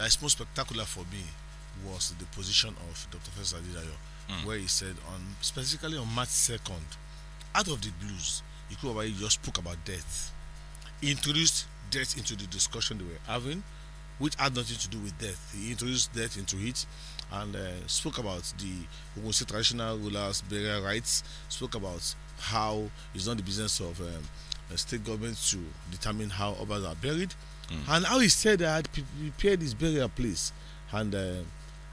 that is most spectacular for me was the position of Dr. Fesa Adidayo, mm. where he said, on specifically on March 2nd, out of the blues, Ikubabayi just spoke about death. He introduced death into the discussion they were having, which had nothing to do with death. He introduced death into it and uh, spoke about the Ogunsi traditional rulers' burial rights, spoke about how it's not the business of um, state government to determine how others are buried. Mm. And how he said that he prepared his burial place. And uh,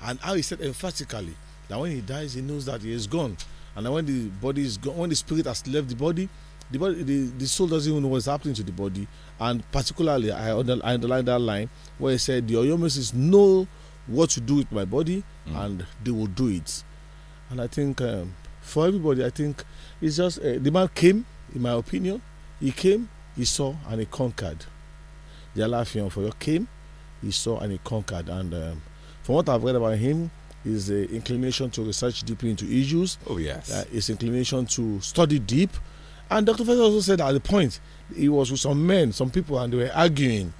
and how he said emphatically that when he dies, he knows that he is gone. And when the body is gone, when the spirit has left the body, the body, the, the soul doesn't even know what's happening to the body. And particularly, I, underlined underline that line where he said, The Oyomesis know what to do with my body mm. and they will do it. And I think um, for everybody, I think it's just uh, the man came, in my opinion, he came, he saw, and he conquered the Alafion for your king, he saw and he conquered. And um, from what I've read about him, his uh, inclination to research deeply into issues. Oh yes. Uh, his inclination to study deep, and Dr. Fessler also said at the point he was with some men, some people, and they were arguing,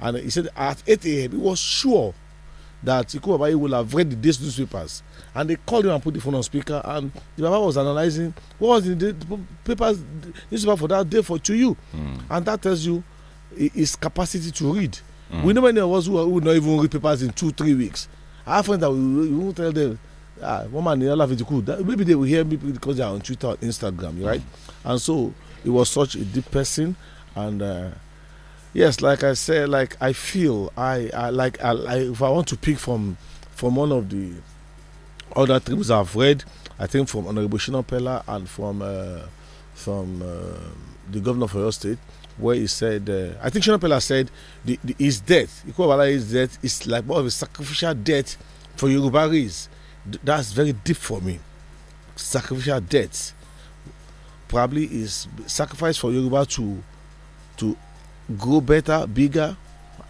and he said at 8 a.m. he was sure that Ikubabayi will have read the day's newspapers, and they called him and put the phone on speaker, and the Baba was analyzing what was in the papers newspaper for that day for to you, mm. and that tells you his capacity to read. Mm. We know many of us who, who not even read papers in two, three weeks. I have friends that we, we will tell them, ah, one man in all cool. That, maybe they will hear me because they are on Twitter or Instagram, right? Mm. And so he was such a deep person. And uh, yes, like I said, like I feel, I, I like, I, I, if I want to pick from from one of the other things I've read, I think from Honorable Shina and from uh, from uh, the governor of your State, where he said, uh, I think Shona Pella said, the, the, his death, Ikwabala's death, is like more of a sacrificial death for Yoruba That's very deep for me. Sacrificial death probably is sacrifice for Yoruba to to grow better, bigger.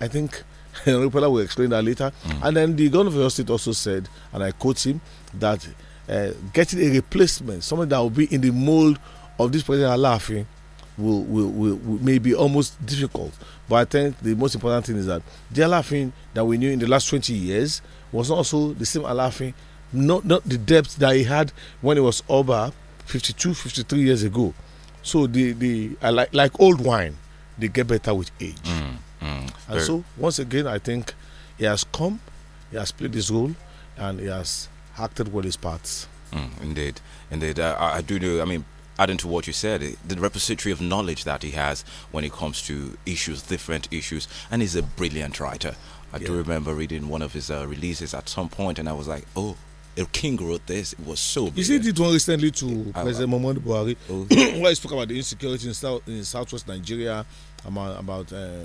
I think Pella will explain that later. Mm. And then the governor of state also said, and I quote him, that uh, getting a replacement, someone that will be in the mold of this president laughing will, will, will, will may be almost difficult. But I think the most important thing is that the Alafin that we knew in the last 20 years was also the same Alafin, not, not the depth that he had when he was over, 52, 53 years ago. So the, the like, like old wine, they get better with age. Mm, mm, and so, once again, I think he has come, he has played his role, and he has acted well his parts. Mm, indeed, indeed. I, I do know. I mean, adding to what you said, eh, the repository of knowledge that he has when it comes to issues, different issues, and he's a brilliant writer. I yeah. do remember reading one of his uh, releases at some point, and I was like, oh, a king wrote this. It was so. Brilliant. You see, did one recently to I, President Muhammadu Buhari, oh. where he spoke about the insecurity in, South, in southwest Nigeria, about, about uh,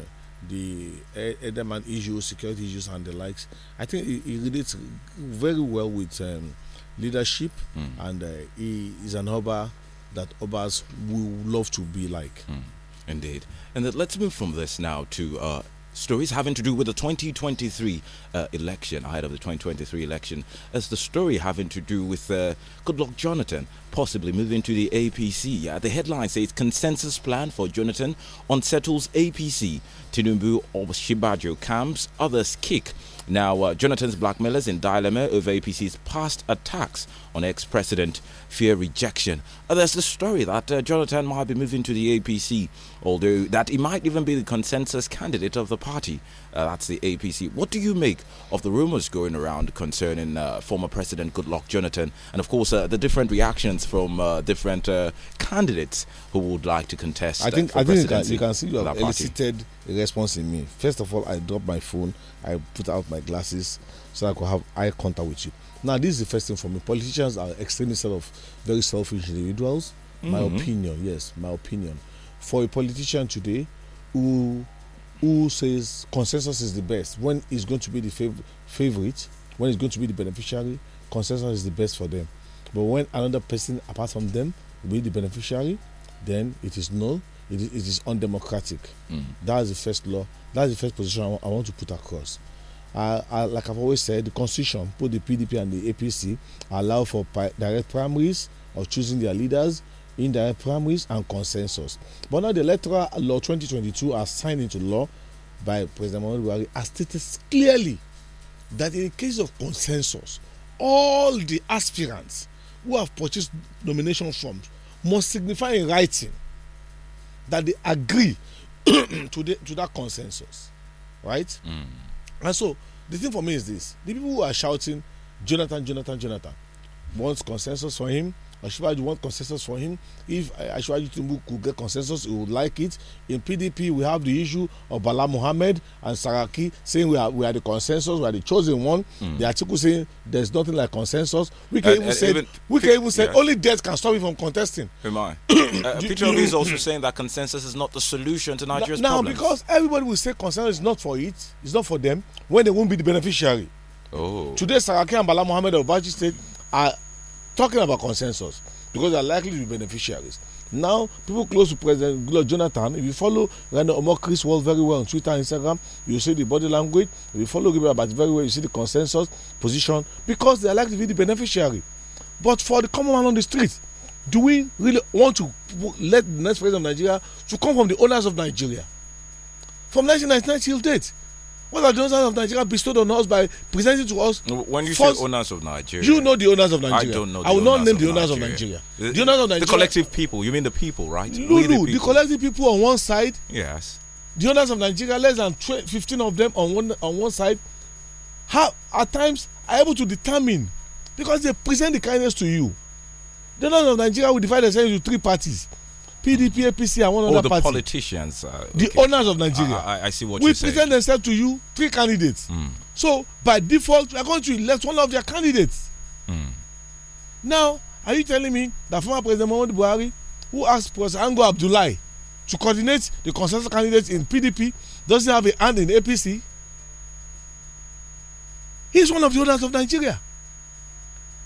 the Edelman issues, security issues, and the likes. I think he, relates very well with um, leadership, mm. and uh, he is an hubber that others will love to be like. Mm, indeed. And that, let's move from this now to uh, stories having to do with the 2023 uh, election, ahead of the 2023 election, as the story having to do with uh, Good Luck Jonathan possibly moving to the APC. Uh, the headline says consensus plan for Jonathan unsettles APC. Tinubu or Shibajo camps, others kick. Now, uh, Jonathan's blackmailers in dilemma over APC's past attacks on ex president fear rejection. Uh, there's the story that uh, Jonathan might be moving to the APC, although that he might even be the consensus candidate of the party. Uh, that's the APC. What do you make of the rumors going around concerning uh, former President Goodluck Jonathan and, of course, uh, the different reactions from uh, different uh, candidates who would like to contest? I uh, think, I think you, can, see you have elicited a response in me. First of all, I dropped my phone, I put out my glasses so I could have eye contact with you. Now, this is the first thing for me. Politicians are extremely sort of very selfish individuals. Mm -hmm. My mm-hmm. opinion, yes, my opinion. For a politician today who who says consensus is the best, when is going to be the fav favorite, when is going to be the beneficiary, consensus is the best for them. But when another person apart from them will be the beneficiary, then it is null. It is, it is undemocratic. Mm That is the first law. That is the first position I, I want to put across. I, like I've always said, the constitution put the PDP and the APC allow for direct primaries of choosing their leaders in their primaries and consensus. But now the Electoral Law 2022 are signed into law by President Muhammadu Buhari has stated clearly that in the case of consensus, all the aspirants who have purchased nomination forms must signify in writing that they agree to, the, to that consensus, right? Mm. And so the thing for me is this: the people who are shouting Jonathan, Jonathan, Jonathan wants consensus for him Ashwaji want consensus for him. If Ashwaji Tumbu could get consensus, he would like it. In PDP, we have the issue of Bala Muhammad and Saraki saying we are we are the consensus, we are the chosen one. Mm. The article saying there's nothing like consensus. We can uh, even say even we can even say only death can stop you from contesting. Am I? uh, Peter Obi is also saying that consensus is not the solution to Nigeria's now, problems. Now, because everybody will say consensus is not for it, it's not for them, when they won't be the beneficiary. Oh. Today, Saraki and Bala Muhammad of Baji State are talking about consensus because they are likely to be beneficiaries. Now, people close to President Goodluck Jonathan, if you follow Rene Omokri's world very well on Twitter and Instagram, you see the body language. If you follow Gabriel Abati very well, you see the consensus position because they are likely to be the beneficiary. But for the common man on the street, do we really want to let the next president of Nigeria to come from the owners of Nigeria? From 1999 till date, what are the owners of Nigeria bestowed on us by presenting to us? When you first, say owners of Nigeria, you know the owners of Nigeria. I don't know. I will not name the owners Nigeria. of Nigeria. The, the, owners of Nigeria. The collective people. You mean the people, right? Lulu, the, the collective people on one side. Yes. The owners of Nigeria, less than 12, 15 of them on one on one side, have at times are able to determine because they present the kindness to you. The owners of Nigeria will divide themselves into three parties PDP, APC, and one oh, other the party. the politicians. Uh, okay. The owners of Nigeria. I, I see what we present themselves to you three candidates. Mm. So by default, we are going to elect one of their candidates. Mm. Now, are you telling me that former President Muhammadu Buhari, who asked President Ango Abdullahi to coordinate the consensus candidates in PDP, doesn't have a hand in APC? He's one of the owners of Nigeria.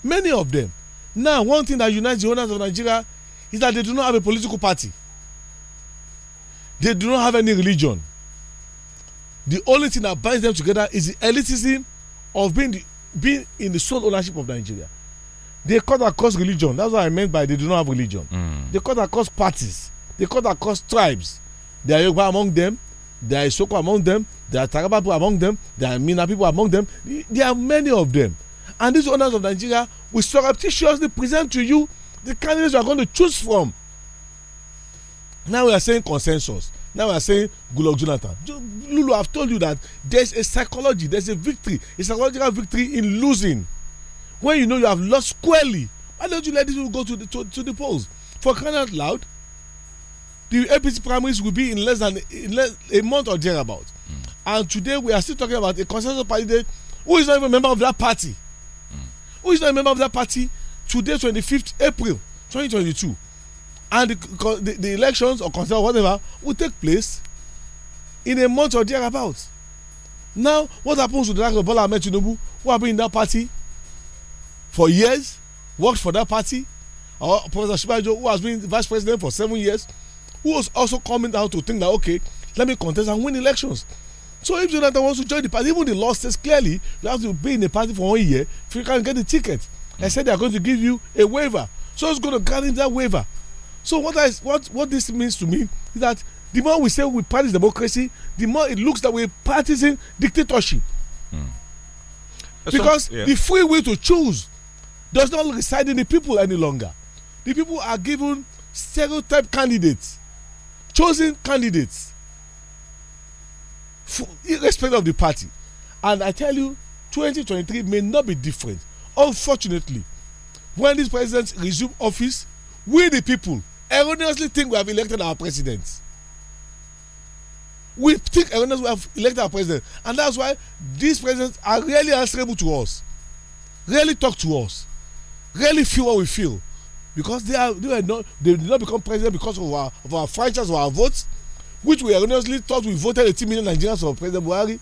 Many of them. Now, one thing that unites the owners of Nigeria is that they do not have a political party they do not have any religion the only thing that binds them together is the elitism of being the, being in the sole ownership of Nigeria they cut across religion that's what I meant by they do not have religion mm. they cut across parties they cut across tribes there are Yoruba among them there are Isoko among them there are Taraba people among them there are Mina people among them there are many of them and these owners of Nigeria will surreptitiously present to you the candidates you are going to choose from now we are saying consensus now we are saying Gulag jonathan lulu I've told you that there is a psychology there is a victory a psychological victory in losing when you know you have lost squarely why don't you let this go to the to, to the polls for crying out loud the apc primaries will be in less than in less, a month or thereabout mm. and today we are still talking about a consensus party who is not even a member of that party mm. who is not a member of that party today twenty fifth april twenty twenty two and the, the, the elections or consent or whatever will take place in a month or thereabout now what happens to the likes of bola ahmed tinubu who have been in that party for years worked for that party or professor shibajo who has been vice president for seven years who was also coming out to think that okay let me contest and win elections so if jonathan wants to join the party even the law says clearly you have to be in the party for one year if you can get the ticket I said they are going to give you a waiver. So it's going to carry that waiver. So what I what what this means to me is that the more we say we practice democracy, the more it looks that we're practicing dictatorship. Mm. Because so, yeah. the free will to choose does not reside in the people any longer. The people are given stereotype candidates, chosen candidates, irrespective of the party. And I tell you, 2023 may not be different Unfortunately, when this president resume office, we the people erroneously think we have elected our president. We think erroneously we have elected our president, and that's why these presidents are really answerable to us, really talk to us, really feel what we feel, because they are they were not they did not become president because of our of our franchise of our votes, which we erroneously thought we voted eighteen million Nigerians for President Buhari,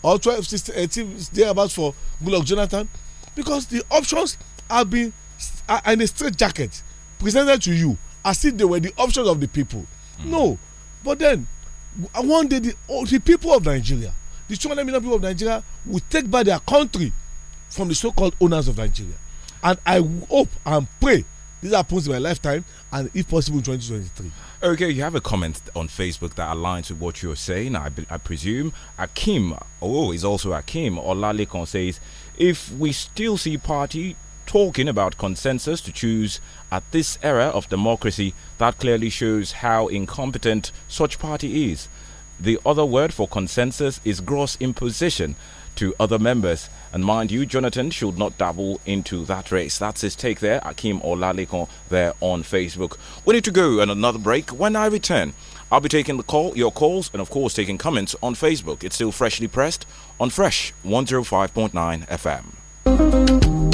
or twelve sixteen eighteen thereabouts for Goodluck Jonathan because the options have been in a straight jacket presented to you as if they were the options of the people. Mm. No, but then one day the, oh, the people of Nigeria, the 200 million people of Nigeria, will take back their country from the so-called owners of Nigeria. And I hope and pray this happens in my lifetime and if possible in 2023. Okay, you have a comment on Facebook that aligns with what you're saying, I, I presume. Akim, oh, is also Akim. Olalekan says, if we still see party talking about consensus to choose at this era of democracy, that clearly shows how incompetent such party is. The other word for consensus is gross imposition to other members. And mind you, Jonathan should not dabble into that race. That's his take there, Akim Olalekon, there on Facebook. We need to go and another break. When I return, I'll be taking the call, your calls, and of course taking comments on Facebook. It's still freshly pressed on Fresh 105.9 FM.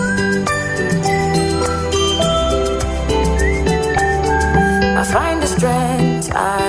I find the strength. I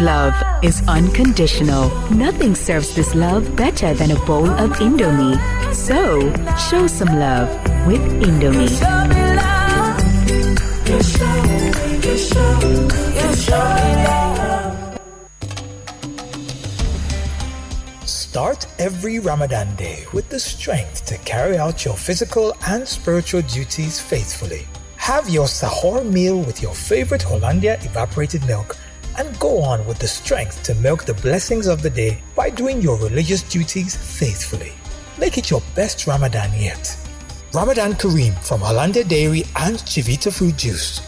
love is unconditional. Nothing serves this love better than a bowl of Indomie. So, show some love with Indomie. Start every Ramadan day with the strength to carry out your physical and spiritual duties faithfully. Have your sahur meal with your favorite Hollandia evaporated milk and go on with the strength to milk the blessings of the day by doing your religious duties faithfully. Make it your best Ramadan yet. Ramadan Kareem from Hollander Dairy and Chivita Fruit Juice.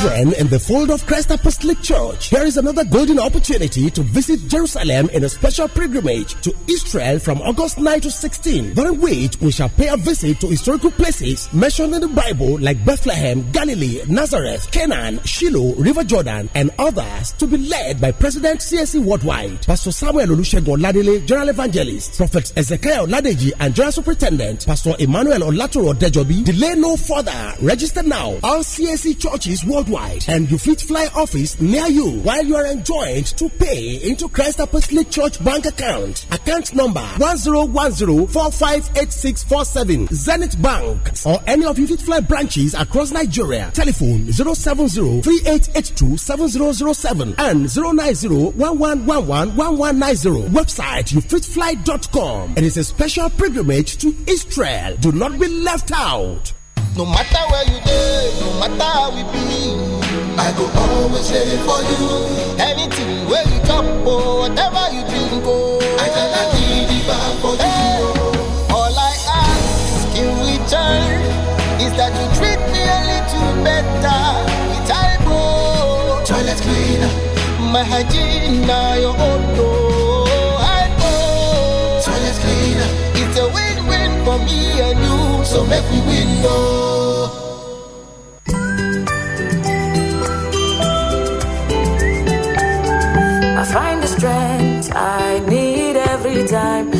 brethren in the fold of Christ Apostolic Church, here is another golden opportunity to visit Jerusalem in a special pilgrimage to Israel from August 9 to 16, during which we shall pay a visit to historical places mentioned in the Bible like Bethlehem, Galilee, Nazareth, Canaan, Shiloh, River Jordan, and others to be led by President CSE Worldwide, Pastor Samuel Olusegun Oladele, General Evangelist, Prophet Ezekiel Oladeji, and General Superintendent, Pastor Emmanuel Olatoro Dejobi. Delay no further. Register now. All CSE churches worldwide worldwide and you fit fly office near you while you are enjoined to pay into Christ Apostolic Church bank account. Account number 1010458647 Zenith Bank or any of you fit fly branches across Nigeria. Telephone 07038827007 and 09011111190. Website and It is a special pilgrimage to Israel. Do not be left out. No matter where you go, no matter how we be. I go always there for you. Anything where you come, oh, whatever you drink, oh. I cannot give back for hey. you. Oh. All I ask in return is that you treat me a little better. It's I go. Oh. Toilet cleaner. My hygiene, now your own door. Oh. me and you, so make we win, no. I find the strength I need every time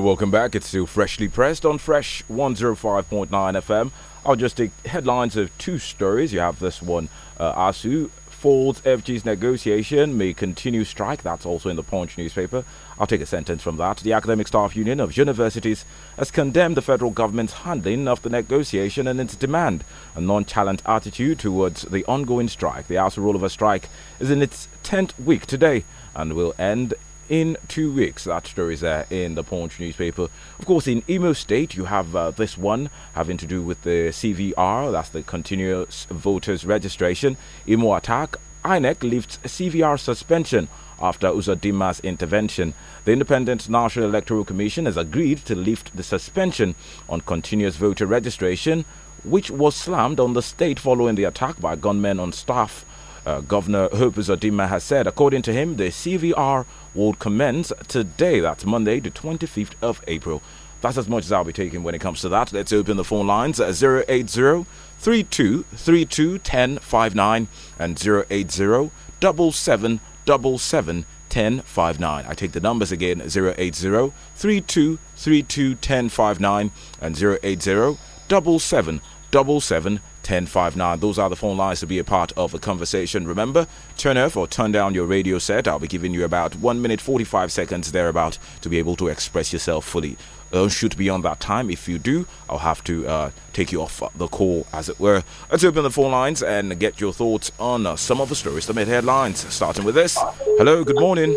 welcome back. It's still freshly pressed on Fresh 105.9 FM. I'll just take headlines of two stories. You have this one uh, ASU falls, FG's negotiation, may continue strike. That's also in the Punch newspaper. I'll take a sentence from that. The Academic Staff Union of Universities has condemned the federal government's handling of the negotiation and its demand a nonchalant attitude towards the ongoing strike. The ASU of a strike is in its 10th week today and will end in two weeks. That story is there uh, in the Punch newspaper. Of course, in Imo State, you have uh, this one having to do with the CVR, that's the Continuous Voters Registration. Imo attack, INEC lifts CVR suspension after Uzodima's intervention. The Independent National Electoral Commission has agreed to lift the suspension on continuous voter registration, which was slammed on the state following the attack by gunmen on staff uh, Governor Hope Zodima has said, according to him, the CVR will commence today. That's Monday, the 25th of April. That's as much as I'll be taking when it comes to that. Let's open the phone lines at 080 3232 and 080 7777 1059. I take the numbers again 080 3232 1059 and 080 7777 1059. Those are the phone lines to be a part of a conversation. Remember, turn off or turn down your radio set. I'll be giving you about 1 minute 45 seconds thereabout to be able to express yourself fully. Don't shoot beyond that time. If you do, I'll have to uh, take you off the call, as it were. Let's open the phone lines and get your thoughts on uh, some of the stories that made headlines, starting with this. Hello, good morning.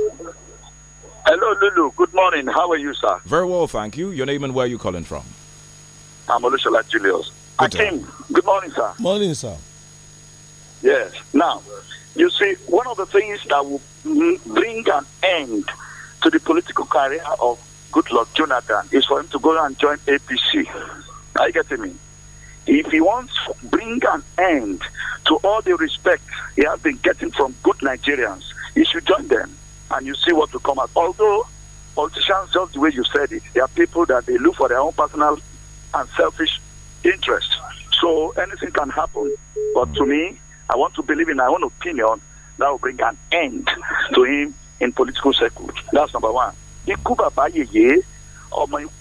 Hello, Lulu. Good morning. How are you, sir? Very well, thank you. Your name and where are you calling from? I'm Olushola Julius. Good Akim, good morning, sir. Morning, sir. Yes. Now, you see, one of the things that will bring an end to the political career of good Jonathan is for him to go and join APC. Are you getting me? If he wants to bring an end to all the respect he has been getting from good Nigerians, he should join them and you see what will come out. Although politicians, just the way you said it, they are people that they look for their own personal and selfish interest. So anything can happen. But to me, I want to believe in my own opinion that will bring an end to him in political circles. That's number one. Ikú Baba hmm.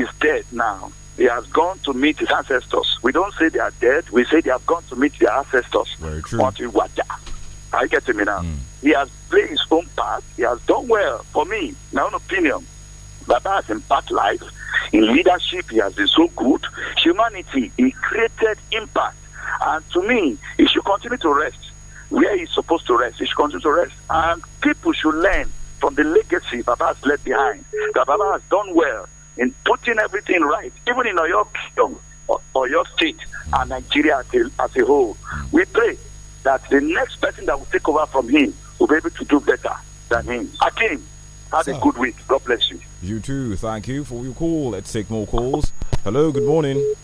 is dead now. He has gone to meet his ancestors. We don't say they are dead. We say they have gone to meet their ancestors. Very true. Until Wada. Are you getting me now? Mm. He has played his own part. He has done well. For me, my own opinion, Baba has impact life. In leadership, he has been so good. Humanity, he created impact. And to me, he should continue to rest where he's supposed to rest. He should continue to rest. And people should learn from the legacy Baba has left behind. That Baba has done well in putting everything right, even in Oyo Kingdom, Oyo State, and Nigeria as a, as a whole. We pray that the next person that will take over from him will be able to do better than him. Akim, have a good week. God bless you. You too. Thank you for your call. Let's take more calls. Hello. Good morning.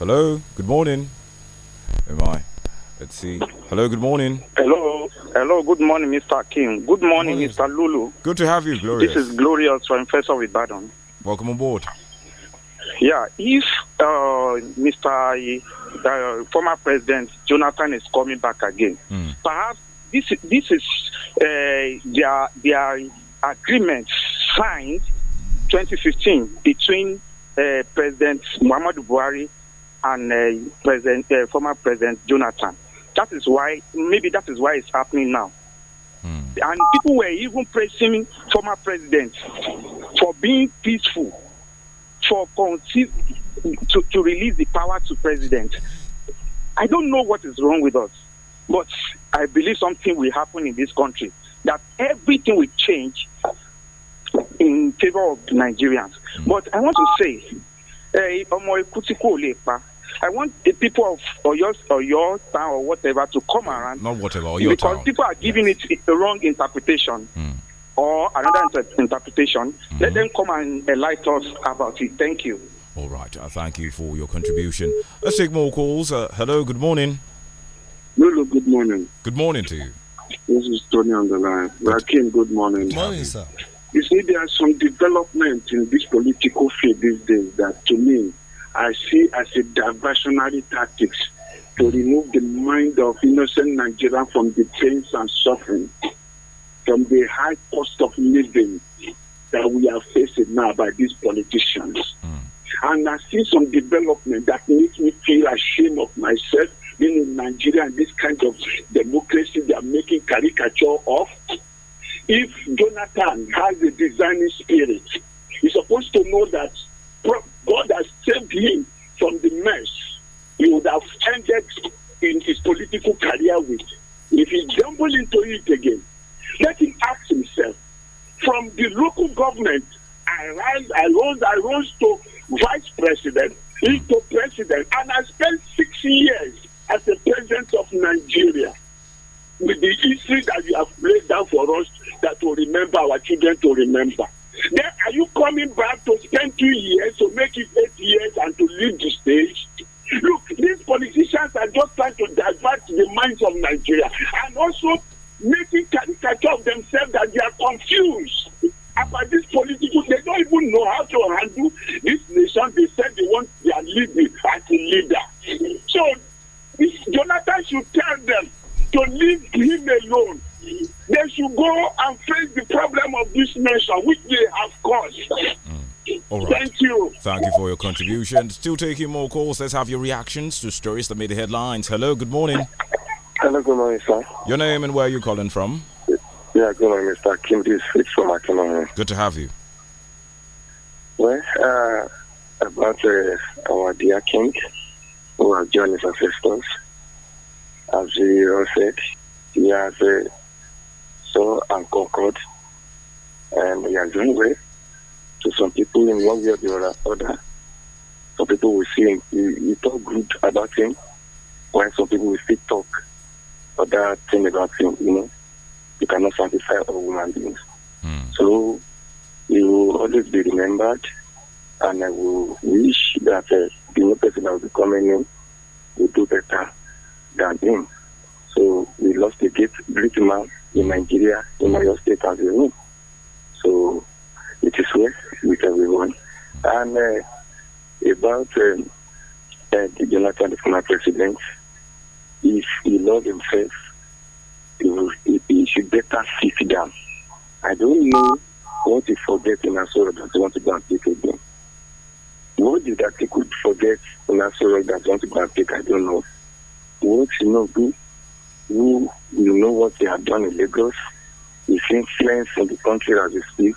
Hello. Good morning. Am I? Let's see. Hello. Good morning. Hello. Hello. Good morning, Mr. King. Good morning, good morning. Mr. Lulu. Good to have you, Glorious. This is Glorious from First of Ibadan. Welcome on board. Yeah, if uh, Mr. Uh, former President Jonathan is coming back again, mm. perhaps this this is uh, their their agreement signed 2015 between uh, President Muhammad Buhari and uh, President former President Jonathan. That is why maybe that is why it's happening now. Hmm. And people were even praising former president for being peaceful, for conti- to, to release the power to president. I don't know what is wrong with us. But I believe something will happen in this country that everything will change in favor of Nigerians. Mm. But I want to say, eh, I want the people of your or your town or whatever to come mm, around. Not whatever, or your because people are giving yes. it the wrong interpretation. Mm. Or another inter interpretation. Mm. Let them come and enlighten us about it. Thank you. All right. Uh, thank you for your contribution. Let's take more calls. Uh, hello. Good morning. Lulu, good morning. Good morning to you. This is Tony on the line. Rakim, good morning. Good morning, sir. You see, there are some development in this political field these days that, to me, I see as a diversionary tactics to mm-hmm. remove the mind of innocent Nigerians from the pains and suffering, from the high cost of living that we are facing now by these politicians. Mm. And I see some development that makes me feel ashamed of myself in Nigeria and this kind of democracy they are making caricature of. If Jonathan has a designing spirit, he's supposed to know that God has saved him from the mess he would have ended in his political career with. If he jumps into it again, let him ask himself from the local government, I rise, I rose, I rose to vice president, into president, and I spent six years as a president of Nigeria, with the history that you have laid down for us, that will remember our children to remember. Then are you coming back to spend two years to make it eight years and to leave the stage? Look, these politicians are just trying to divert the minds of Nigeria and also making caricature of themselves that they are confused about this political. They don't even know how to handle this nation. They said they want their leader as a leader. So Jonathan should tell them to leave him alone. They should go and face the problem of this nation, which they have caused. Mm. All right. Thank you. Thank you for your contribution. Still taking more calls. Let's have your reactions to stories that made the headlines. Hello, good morning. Hello, good morning, sir. Your name and where are you calling from? Yeah, good morning, Mr. Kim. This is from Akinome. Good to have you. Well, uh, about uh, our dear King, who are John's ancestors, as you said, he has uh, so and conquered, and he has given way to some people in one way or the other. Some people will see him, you talk good about him, while some people will still talk other thing about him, you know. You cannot satisfy all human beings. Mm. So, he will always be remembered, and I will wish that. Uh, the new person that will be coming in will do better than him. So we lost a great, great man in Nigeria, in my State as well. So it is well with everyone. And uh, about um, uh, the Jonathan, the former president, if he loves himself, he, will, he, he, should better sit down. I don't know what he forgets in Asura that he wants to go and take again. What did Atiku forget on Asorok that want to go and take? I don't know. What you do? who you know what they have done in Lagos, is influence in the country as we speak.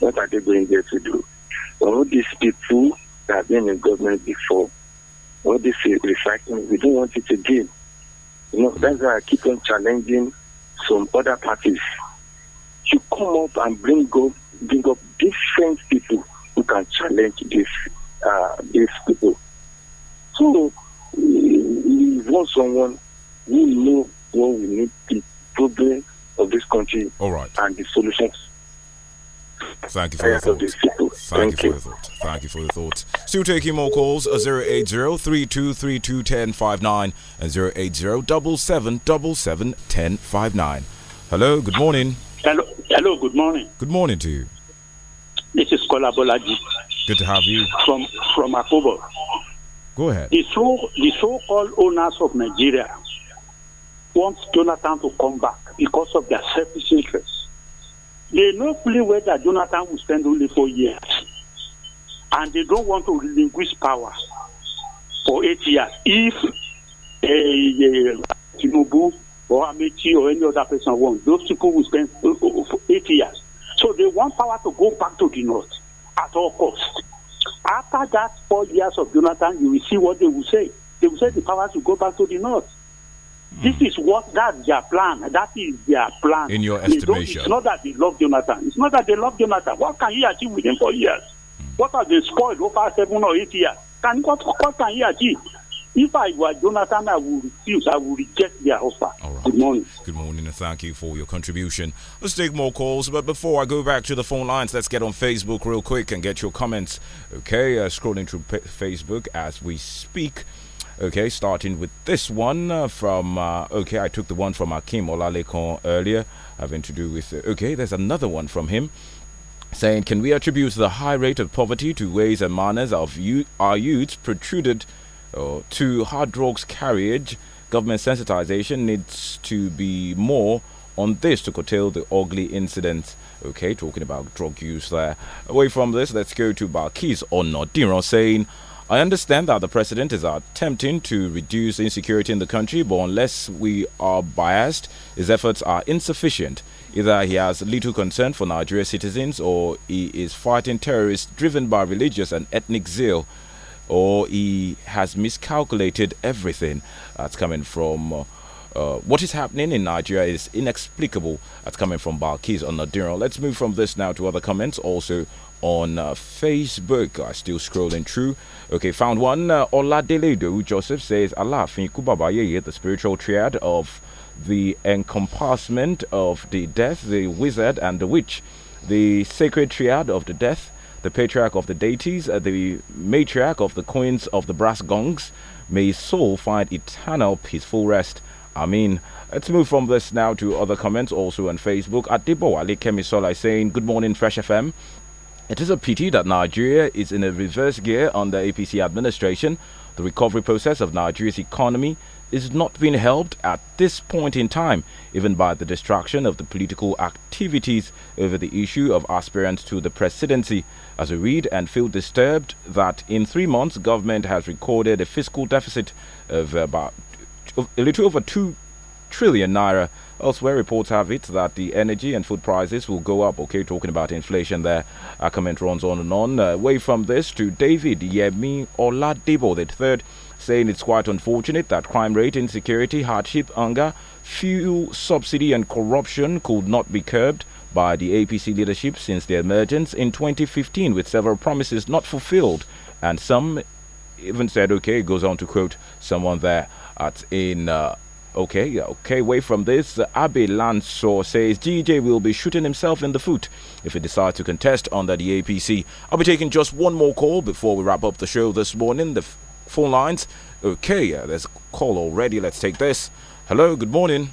What are they going there to do? All these people that have been in government before, all this recycling, we don't want it again. You know, that's why I keep on challenging some other parties to come up and bring up, bring up different people who can challenge this uh, these people. So we want someone who knows what we need the problem of this country All right. and the solutions. Thank you for your thought. Thank, you, for your thought. Thank you for your thought. Still taking more calls 080-3232-1059 uh, and 080-777-1059. Hello, good morning. Hello, hello, good morning. Good morning to you. This is Kola Bolaji. Good to have you. From from Akobo. Go ahead. The so the so-called owners of Nigeria want Jonathan to come back because of their selfish interests. They know fully well that Jonathan will spend only four years, and they don't want to relinquish power for eight years. If a, eh, a eh, Tinubu or Amechi or any other person wants, those people will spend oh, oh, oh, eight years. So they want power to go back to the north at all costs. After that four years of Jonathan, you will see what they will say. They will say the powers will go back to the north. Mm. This is what that's their plan. That is their plan. In your estimation, it's not that they love Jonathan. It's not that they love Jonathan. What can he achieve within four years? Mm. What has been spoiled over seven or eight years? Can what, what can he achieve? If I were Jonathan, I would refuse. I would reject their offer. All right. Good morning. Good morning, and thank you for your contribution. Let's take more calls, but before I go back to the phone lines, let's get on Facebook real quick and get your comments. Okay, uh, scrolling through Facebook as we speak. Okay, starting with this one uh, from, uh, okay, I took the one from Akim Olalekon earlier, having to do with, uh, okay, there's another one from him saying, Can we attribute the high rate of poverty to ways and manners of you our youths protruded uh, to hard drugs carriage, government sensitization needs to be more on this to curtail the ugly incidents. Okay, talking about drug use there. Away from this, let's go to on Onodiran saying, I understand that the president is attempting to reduce insecurity in the country, but unless we are biased, his efforts are insufficient. Either he has little concern for Nigeria's citizens or he is fighting terrorists driven by religious and ethnic zeal or he has miscalculated everything that's coming from. Uh, uh, what is happening in Nigeria is inexplicable. That's coming from Balkis on Nadiro. Let's move from this now to other comments also on uh, Facebook. I'm still scrolling through. Okay, found one. Uh, Oladeledo Joseph says, Allah, ye the spiritual triad of the encompassment of the death, the wizard, and the witch. The sacred triad of the death, the patriarch of the deities, uh, the matriarch of the queens of the brass gongs. May his soul find eternal peaceful rest. Amen. Let's move from this now to other comments also on Facebook. At Debowale Kemisola saying, Good morning, Fresh FM. It is a pity that Nigeria is in a reverse gear under APC administration. The recovery process of Nigeria's economy is not being helped at this point in time, even by the distraction of the political activities over the issue of aspirants to the presidency. As we read and feel disturbed that in three months, government has recorded a fiscal deficit of about a little over 2 trillion naira. Elsewhere, reports have it that the energy and food prices will go up. Okay, talking about inflation there. Our comment runs on and on. Uh, away from this to David Yemi Oladebo, the third, saying it's quite unfortunate that crime rate, insecurity, hardship, anger, fuel subsidy, and corruption could not be curbed by the APC leadership since their emergence in 2015 with several promises not fulfilled and some even said okay goes on to quote someone there at in uh, Okay, okay, away from this. Abe Lansor says DJ will be shooting himself in the foot if he decides to contest under the APC. I'll be taking just one more call before we wrap up the show this morning. The phone lines. Okay, uh, there's a call already. Let's take this. Hello, good morning.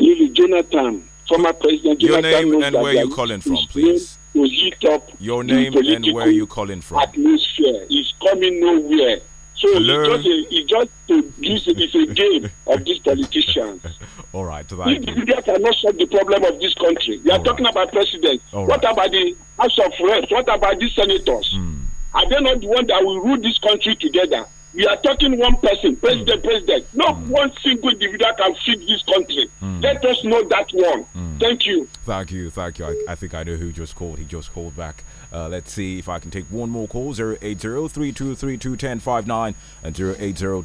Lily Jonathan, former president. Your Jonathan name and where you calling from, please. To heat up your name and where are you calling from. Atmosphere is coming nowhere. So Hello? it's just, a, it's just a, it's a game of these politicians. All right. Thank you. They cannot solve the problem of this country. You are All talking right. about president. All what right. about the House of Reps? What about these senators? Mm. Are they not the one that will rule this country together? we are talking one person, hmm. president, mm. president. Not mm. one single individual can feed this country. Mm. Let us know that one. Hmm. Thank you. Thank you. Thank you. I, I, think I know who just called. He just called back. Uh, let's see if I can take one more call 080 three two ten five nine and 080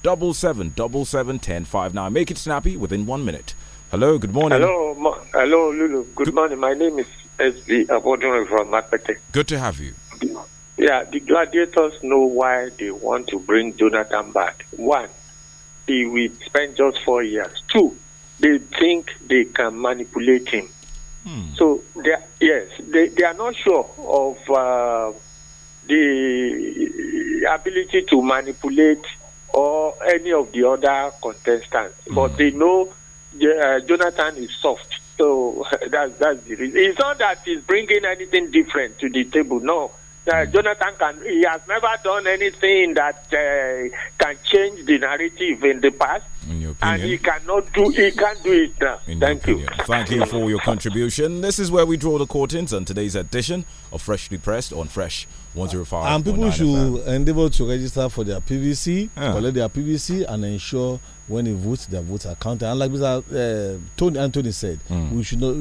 Make it snappy within one minute. Hello, good morning. Hello, hello, Lulu. Good, good morning. My name is SB Abodun from Marketing. Good to have you. Yeah, the gladiators know why they want to bring Jonathan back. One, he will spend just four years. Two, they think they can manipulate him. Hmm. So, they are, yes, they, they are not sure of uh, the ability to manipulate or any of the other contestants. Hmm. But they know uh, Jonathan is soft. So that's, that's the reason. It's not that he's bringing anything different to the table. No uh, Jonathan can he has never done anything that uh, can change the narrative in the past. In and he cannot do he can't do it now. In Thank you. Thank you for your contribution. This is where we draw the curtains on today's edition of Freshly Pressed on Fresh 105. And people should endeavor to register for their PVC, collect their PVC and ensure when they vote, their votes are counted. And like Mr. Uh, Tony Anthony said, mm. we should not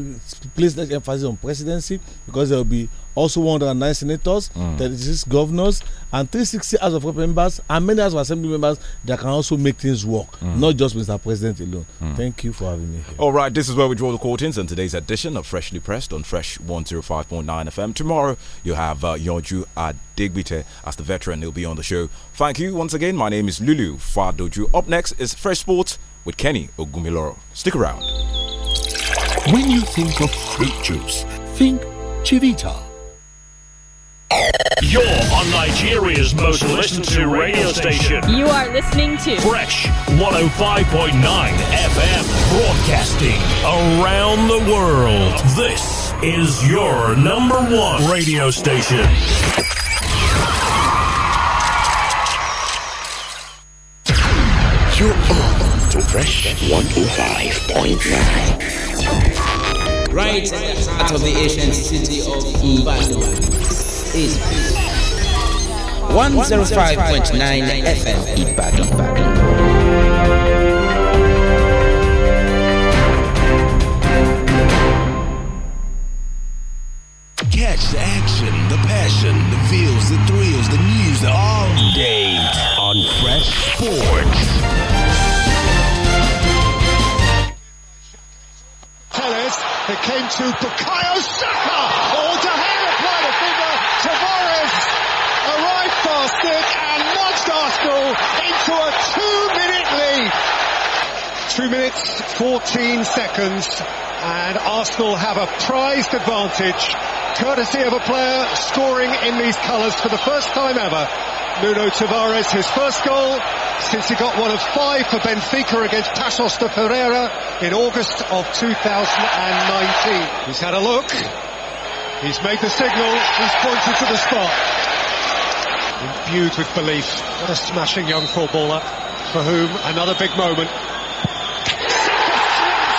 place that emphasis on presidency because there will be also 109 senators, mm. 36 governors, and 360 House of Rep members, and many House of Assembly members that can also make things work, mm. not just Mr. President alone. Mm. Thank you for having me. Here. All right, this is where we draw the curtains on today's edition of Freshly Pressed on Fresh 105.9 FM. Tomorrow, you have uh, Yonju Ad. Digbite as the veteran. He'll be on the show. Thank you once again. My name is Lulu Fadoju. Up next is Fresh Sports with Kenny Ogumiloro. Stick around. When you think of fruit juice, think Chivita. You're on Nigeria's most listened to radio station. You are listening to Fresh 105.9 FM, broadcasting around the world. This is your number one radio station. to Fresh 105.9. Right in of the ancient city of Ibadan is 105.9 FM Ibadan. to Bukayo Saka. All oh, to Hannah, quite a finger. Tavares arrived fast and nudged Arsenal into a two-minute lead. Two minutes, 14 seconds, and Arsenal have a prized advantage, courtesy of a player scoring in these colours for the first time ever. Nuno Tavares, his first goal, since he got one of five for Benfica against Pasos de Ferreira in August of 2019. He's had a look. He's made the signal. He's pointed to the spot. Imbued with belief. What a smashing young footballer for whom another big moment. it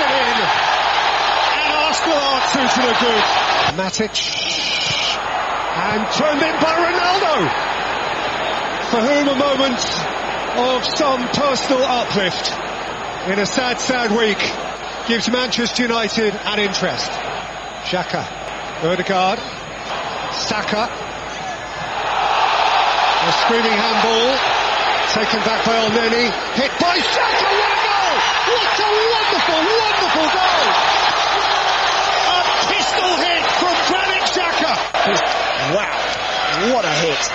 in. And Arsenal are two to the good. Matic and turned in by Ronaldo, for whom a moment of some personal uplift in a sad, sad week gives Manchester United an interest. Shaka, Odegaard, Saka. A screaming handball taken back by Olneni, hit by Saka, what a goal! What a wonderful, wonderful goal! A pistol hit from Granit Xhaka! Wow, what a hit!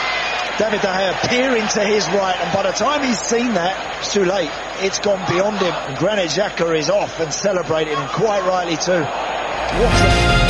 David De Gea peering to his right, and by the time he's seen that, it's too late. It's gone beyond him. And Granit Xhaka is off and celebrating, and quite rightly too. What a...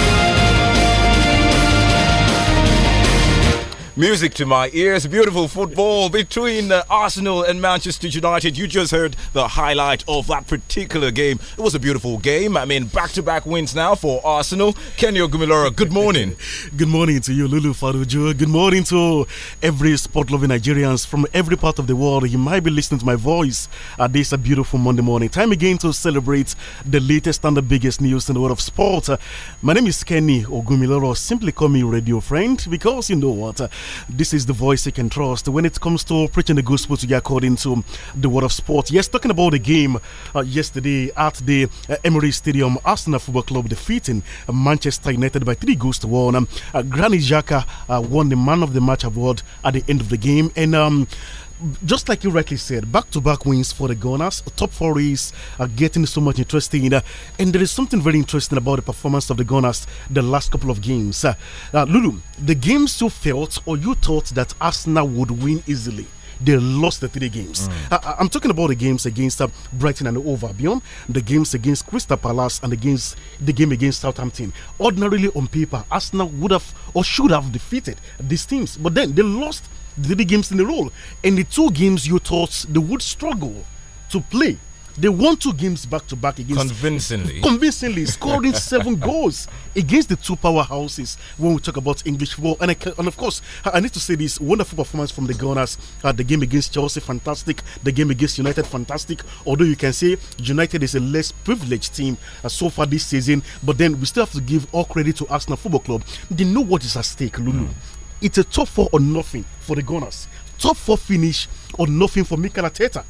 music to my ears. Beautiful football between uh, Arsenal and Manchester United. You just heard the highlight of that particular game. It was a beautiful game. I mean, back to back wins now for Arsenal. Kenny Ogumiloro, good morning. good morning to you, Lulu Faruju. Good morning to every sport loving Nigerians from every part of the world. You might be listening to my voice at this a uh, beautiful Monday morning. Time again to celebrate the latest and the biggest news in the world of sport. Uh, my name is Kenny Ogumiloro. Simply call me radio friend because you know what? Uh, this is the voice you can trust when it comes to preaching the gospel to you according to the world of sport. Yes, talking about the game uh, yesterday at the uh, Emirates Stadium, Arsenal Football Club defeating Manchester United by three goals to one. Um, uh, Granny Xhaka uh, won the Man of the Match award at the end of the game, and um, just like you rightly said, back to back wins for the Gunners. Top four race are uh, getting so much interesting. Uh, and there is something very interesting about the performance of the Gunners the last couple of games. Uh, uh, Lulu, the games you felt or you thought that Arsenal would win easily they lost the three games. Mm. Uh, uh, I, am talking about the games against uh, Brighton and beyond the games against Crystal Palace, and against the game against Southampton. Ordinarily, on paper, Arsenal would have or should have defeated these teams, but then they lost three games in a row. And the two games you thought they would struggle to play they won two games back to back against convincingly, convincingly scoring seven goals against the two powerhouses when we talk about English football. And, can, and of course, I need to say this wonderful performance from the Gunners. Uh, the game against Chelsea, fantastic. The game against United, fantastic. Although you can say United is a less privileged team uh, so far this season, but then we still have to give all credit to Arsenal Football Club. They know what is at stake, Lulu. Mm. It's a top four or nothing for the Gunners. Top four finish or nothing for Mikel Arteta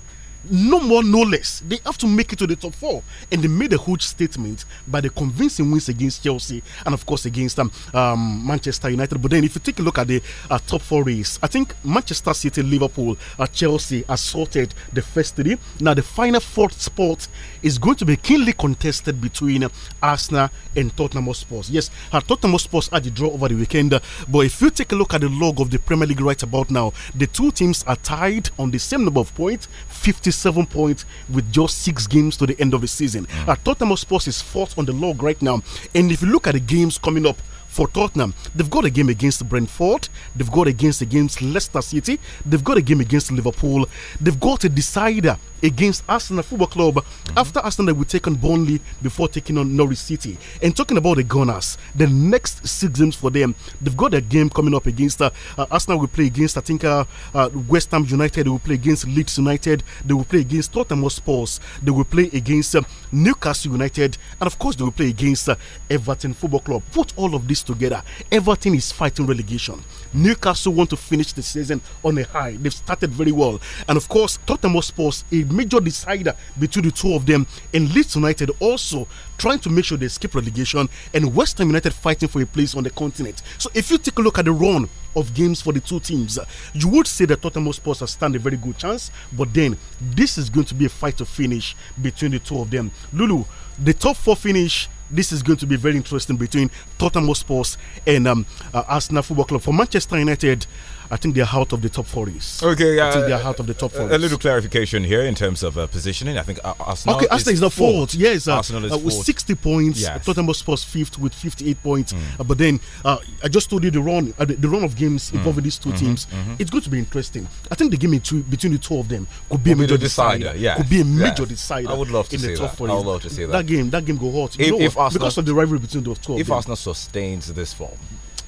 no more, no less. They have to make it to the top four. And they made a huge statement by the convincing wins against Chelsea and, of course, against um, um, Manchester United. But then, if you take a look at the uh, top four race, I think Manchester City, Liverpool, uh, Chelsea assaulted the first three. Now, the final fourth spot is going to be keenly contested between uh, Arsenal and Tottenham Hotspur. Yes, uh, Tottenham Hotspur had the draw over the weekend. Uh, but if you take a look at the log of the Premier League right about now, the two teams are tied on the same number of points. 57 points with just six games to the end of the season. Mm. Uh, Tottenham Sports is fourth on the log right now. And if you look at the games coming up, for Tottenham. They've got a game against Brentford. They've got a game against Leicester City. They've got a game against Liverpool. They've got a decider against Arsenal Football Club. Mm -hmm. After Arsenal will take on Burnley before taking on Norwich City. And talking about the Gunners, the next six games for them, they've got a game coming up against uh, uh, Arsenal. Will play against I think uh, uh West Ham United. They will play against Leeds United. They will play against Tottenham Hotspurs. They will play against uh, Newcastle United, and of course they will play against uh, Everton Football Club. Put all of this together, Everton is fighting relegation. Newcastle want to finish the season on a high. They've started very well. And of course, Tottenham Sports, a major decider between the two of them. And Leeds United also trying to make sure they skip relegation. And West Ham United fighting for a place on the continent. So if you take a look at the run of games for the two teams, you would say that Tottenham Sports have stand a very good chance. But then, this is going to be a fight to finish between the two of them. Lulu, the top four finish this is going to be very interesting between Tottenham Hotspur and um, uh, Arsenal Football Club. For Manchester United, I think they're out of the top forties. Okay, yeah. I think they're out of the top forties. A, little clarification here in terms of uh, positioning. I think uh, Arsenal. Okay, Arsenal is, is not fourth. Yes, uh, Arsenal is uh, with fourth. sixty points. Yes. Tottenham Sports fifth with fifty-eight points. Mm. Uh, but then uh, I just told you the run, the, the, run of games mm. involving mm. these 2 mm -hmm, teams. -hmm. It's going to be interesting. I think the game between the two of them could be, a major decider. decider. Yeah, could be a major yes. decider. I would love to in see the top that. Four I would love to see that. That game, that game go hot. If, you know, if Arsenal, because of the rivalry between those two. If Arsenal sustains this form.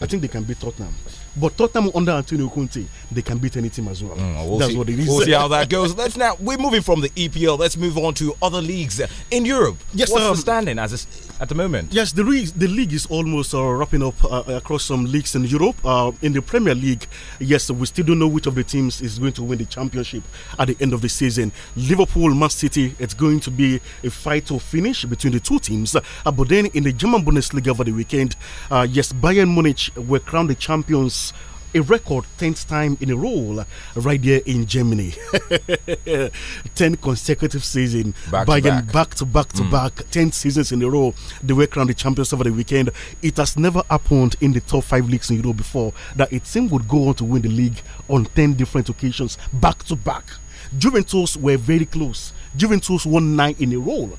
I think they can beat Tottenham. But Tottenham under Antonio Conte, they can beat any team as well. Mm, we'll That's see. what it is. We'll see how that goes. Let's now we're moving from the EPL. Let's move on to other leagues in Europe. Yes, what's um, the standing as a, at the moment? Yes, the league the league is almost uh, wrapping up uh, uh, across some leagues in Europe. Uh, in the Premier League, yes, we still don't know which of the teams is going to win the championship at the end of the season. Liverpool, Man City, it's going to be a fight to finish between the two teams. Uh, but then in the German Bundesliga over the weekend, uh, yes, Bayern Munich were crowned the champions a record 10th time in a row right there in Germany. 10 consecutive seasons. Back Bayern back. back. to back to mm. back. 10 seasons in a row. They were crowned the champions over the weekend. It has never happened in the top five leagues in Europe before that a team would go on to win the league on 10 different occasions back to back. Juventus were very close. Juventus won nine in a row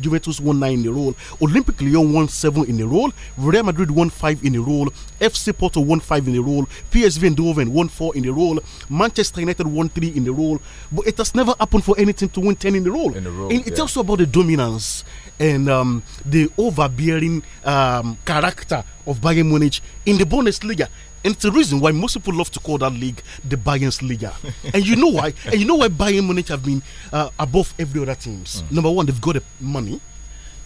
Juventus won nine in a row, Olympic Lyon won seven in a row, Real Madrid won five in a row, FC Porto won five in a row, PSV Eindhoven won four in a row, Manchester United won three in a row. But it has never happened for anything to win ten in a row. In a row, and yeah. it tells you about the dominance and um, the overbearing um, character of Bayern Munich in the Bundesliga. And it's the reason why most people love to call that league the Bundesliga. and you know why? And you know why Bayern Munich have been uh, above every other teams. Mm. Number one, they've got the money.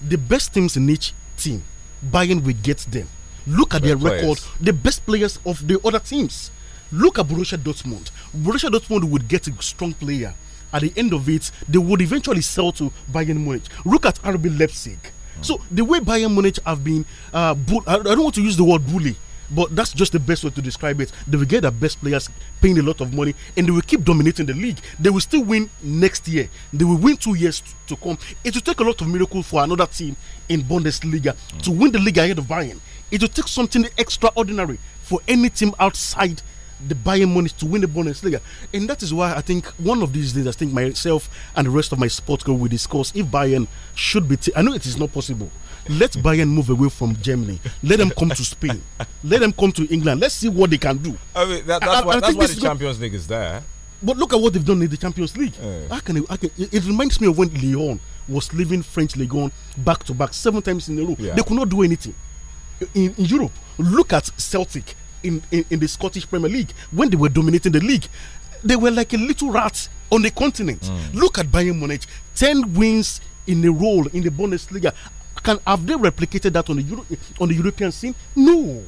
The best teams in each team, Bayern will get them. Look at their players. record, the best players of the other teams. Look at Borussia Dortmund. Borussia Dortmund would get a strong player. At the end of it, they would eventually sell to Bayern Munich. Look at RB Leipzig. Mm. So the way Bayern Munich have been, uh, I don't want to use the word bully but that's just the best way to describe it. They will get the best players paying a lot of money and they will keep dominating the league. They will still win next year. They will win two years to come. It will take a lot of miracle for another team in Bundesliga mm. to win the league ahead of Bayern. It will take something extraordinary for any team outside the Bayern money to win the Bundesliga. And that is why I think one of these days, I think myself and the rest of my sports group will discuss if Bayern should be. I know it is not possible let Bayern move away from Germany. Let them come to Spain. Let them come to England. Let's see what they can do. Oh, I mean, that, that's I, why, I that's why the Champions League is there. But look at what they've done in the Champions League. Uh. can, I can, it reminds me of when Lyon was leaving French Ligue back to back seven times in a row. Yeah. They could not do anything. In, in Europe, look at Celtic in, in, in, the Scottish Premier League when they were dominating the league. They were like a little rat on the continent. Mm. Look at Bayern Munich 10 wins in a row in the Bundesliga can have they replicated that on the Euro on the European scene? No.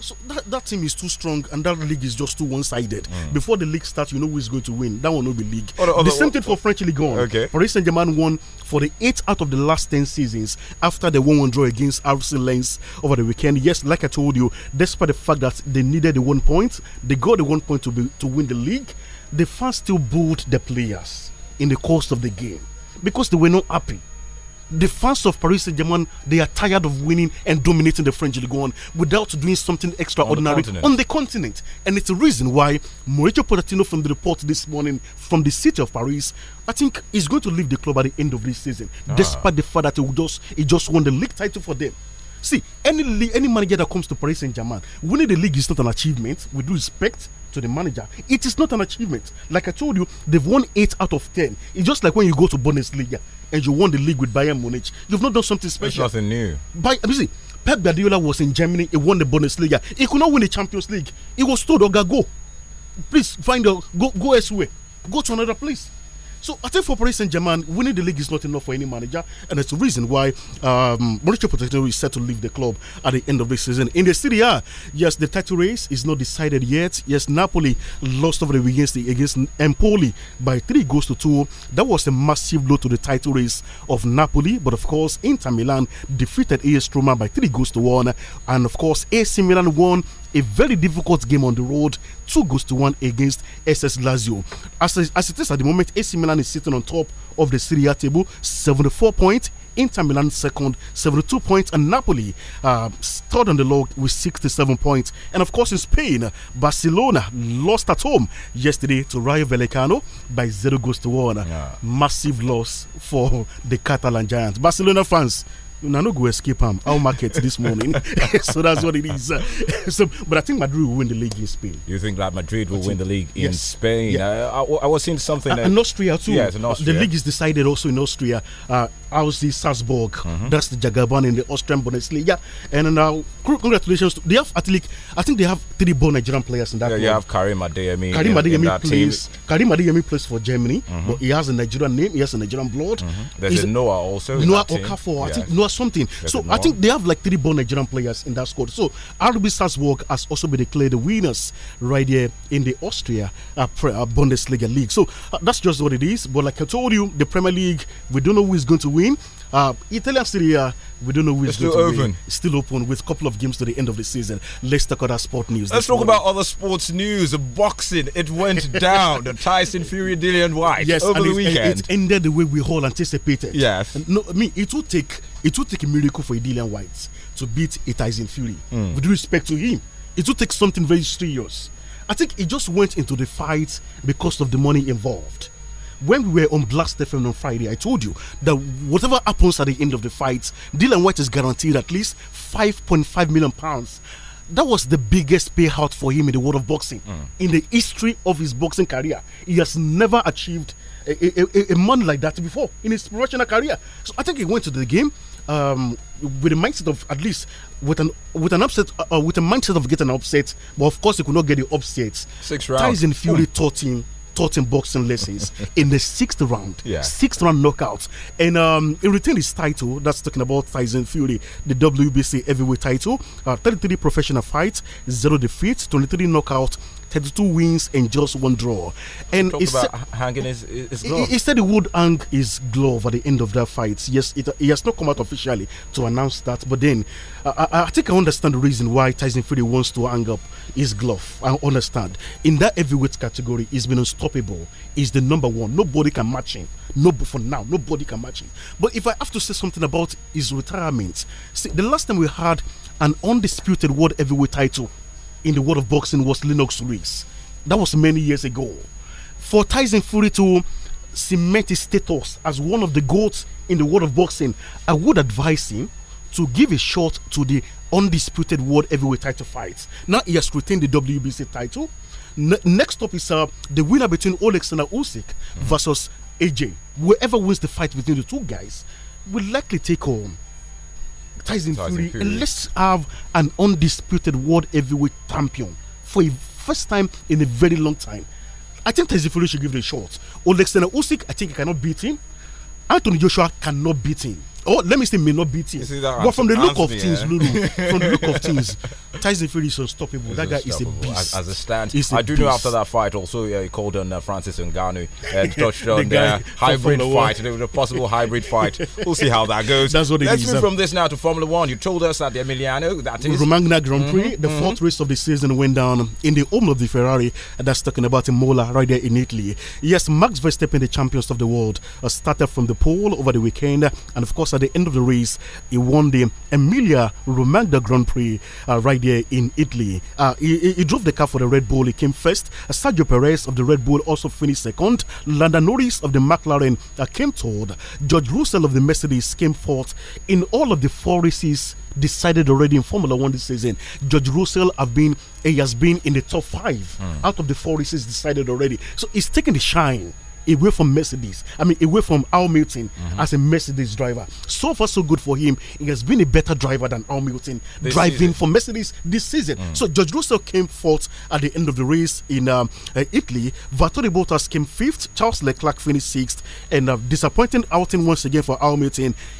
So that, that team is too strong, and that league is just too one-sided. Mm. Before the league starts, you know who is going to win. That will not be league. Oh, oh, the same oh, thing for French League One. Okay. Paris Saint-Germain won for the eight out of the last ten seasons after the one-one draw against RC Lens over the weekend. Yes, like I told you, despite the fact that they needed the one point, they got the one point to be to win the league. The fans still booed the players in the course of the game because they were not happy the fans of Paris Saint Germain they are tired of winning and dominating the French League One without doing something extraordinary on the, on the continent. And it's a reason why Mauricio Pochettino, from the report this morning from the city of Paris, I think is going to leave the club at the end of this season, ah. despite the fact that he just he just won the league title for them. See, any any manager that comes to Paris Saint Germain winning the league is not an achievement. With do respect to the manager. It is not an achievement. Like I told you, they've won eight out of ten. It's just like when you go to Bundesliga and you won the league with Bayern Munich. You've not done something special. It's nothing new. By, you see, Pep Guardiola was in Germany. He won the Bundesliga. He could not win the Champions League. He was told, "Oga, go. Please find a go go elsewhere. Go to another place." So I think for Paris Saint Germain, winning the league is not enough for any manager, and it's the reason why um, Mauricio Pochettino is set to leave the club at the end of the season. In the Serie A, yes, the title race is not decided yet. Yes, Napoli lost over the against the, against Empoli by three goals to two. That was a massive blow to the title race of Napoli, but of course, Inter Milan defeated AS Roma by three goals to one, and of course, AC Milan won a very difficult game on the road, two goals to one against SS Lazio. As, as it is at the moment, AC Milan is sitting on top of the Serie A table, 74 points. Inter Milan second, 72 points, and Napoli uh, third on the log with 67 points. And of course, in Spain, Barcelona lost at home yesterday to Rayo Vallecano by zero goals to one. Yeah. Massive loss for the Catalan Giants. Barcelona fans, na no go escape am our market this morning so that's what it is so but i think madrid will win the league in spain you think that madrid will win the league in yes. spain yeah. I, I, I, was seeing something uh, in austria too yes, in uh, austria. the league is decided also in austria uh, RC Salzburg. Mm -hmm. That's the Jagaban in the Austrian Bundesliga. And uh, now, congratulations. To, they have at least, I think they have three born Nigerian players in that. Yeah, you have Karim Adeyemi. Karim Adeyemi plays. Team. Karim Adeyemi plays for Germany, mm -hmm. but he has a Nigerian name. He has a Nigerian blood. Mm -hmm. There's He's, a Noah also. Noah Okafor. Yes. I think Noah something. so I think they have like three born Nigerian players in that squad. So RB Salzburg has also been declared the winners right here in the Austria uh, uh, Bundesliga league. So uh, that's just what it is. But like I told you, the Premier League, we don't know who is going to win. Uh, Italian Serie A, we don't know who is going to open. win. Still open with a couple of games to the end of the season. Let's talk about sport news. Let's talk morning. about other sports news. Boxing, it went down. The Tyson Fury, Dillian White. Yes, over the weekend. It, it ended the way we all anticipated. Yes. No, I mean, it will take it would take a miracle for a Dillian White to beat a Tyson Fury. Mm. With respect to him, it would take something very serious. I think he just went into the fight because of the money involved. When we were on Blast FM on Friday, I told you that whatever happens at the end of the fight, Dylan White is guaranteed at least 5.5 million pounds that was the biggest payout for him in the world of boxing. Mm. In the history of his boxing career, he has never achieved a, a, a, a money like that before in his professional career. So I think he went to the game um, with a mindset of at least with an with an upset uh, uh with a mindset of getting an upset, but of course he could not get the upset. Six rounds. Tyson Fury oh. taught him taught him boxing lessons in the sixth round, yeah. sixth round knockout, and um, he retained his title. That's talking about Tyson Fury, the WBC heavyweight title, uh, 33 professional fights, zero defeats, 23 knockout, 32 wins and just one draw. And he, said, hanging his, his he, he, said he would hang his glove at the end of that fight. Yes, it, he has not come out officially to announce that, but then uh, I, I, think I understand the reason why Tyson Fury wants to hang up his glove. I understand. In that heavyweight category, he's been unstoppable. He's the number one. Nobody can match him. No, for now, nobody can match him. But if I have to say something about his retirement, see, the last time we had an undisputed world heavyweight title in the world of boxing was Lennox Lewis. That was many years ago. For Tyson Fury to cement his status as one of the goats in the world of boxing, I would advise him to give a shot to the undisputed world heavyweight title fight. Now he has retained the WBC title. N next up is uh, the winner between Oleksandr Usyk mm -hmm. versus AJ. Whoever wins the fight between the two guys will likely take home Tyson, Fury, Fury. And let's have an undisputed world heavyweight champion for a first time in a very long time. I think Tyson Fury should give it a shot. Oleksandr Usyk, I think he cannot beat him. Anthony Joshua cannot beat him. Oh, let me say may not beat him. But from the look of things, eh? Lulu, from the look of things, Tyson Fury is unstoppable. He's that guy unstoppable. is a beast. As, as it I do beast. know after that fight also he called on uh, Francis Ngannou and uh, touched on uh, the hybrid fight. The a possible hybrid fight. We'll see how that goes. That's what Let's move uh, from this now to Formula One. You told us that the Emiliano that is Romagna Grand Prix, mm -hmm, the mm -hmm. fourth race of the season went down in the home of the Ferrari. That's talking about Imola right there in Italy. Yes, Max Verstappen, the champions of the world, uh, started from the pole over the weekend, and of course at the end of the race, he won the Emilia Romagna Grand Prix uh, right there in Italy. Uh, he, he, drove the car for the Red Bull. He came first. Uh, Sergio Perez of the Red Bull also finished second. Lando Norris of the McLaren uh, came third. George Russell of the Mercedes came fourth. In all of the four races decided already in Formula One this season. George Russell have been he has been in the top five mm. out of the four races decided already. So he's taking the shine away from Mercedes. I mean, away from Al mm -hmm. as a Mercedes driver. So far, so good for him. He has been a better driver than Al driving season. for Mercedes this season. Mm. So, George Russell came fourth at the end of the race in um, uh, Italy. Valtteri Bottas came fifth. Charles Leclerc finished sixth. And uh, disappointing outing once again for Al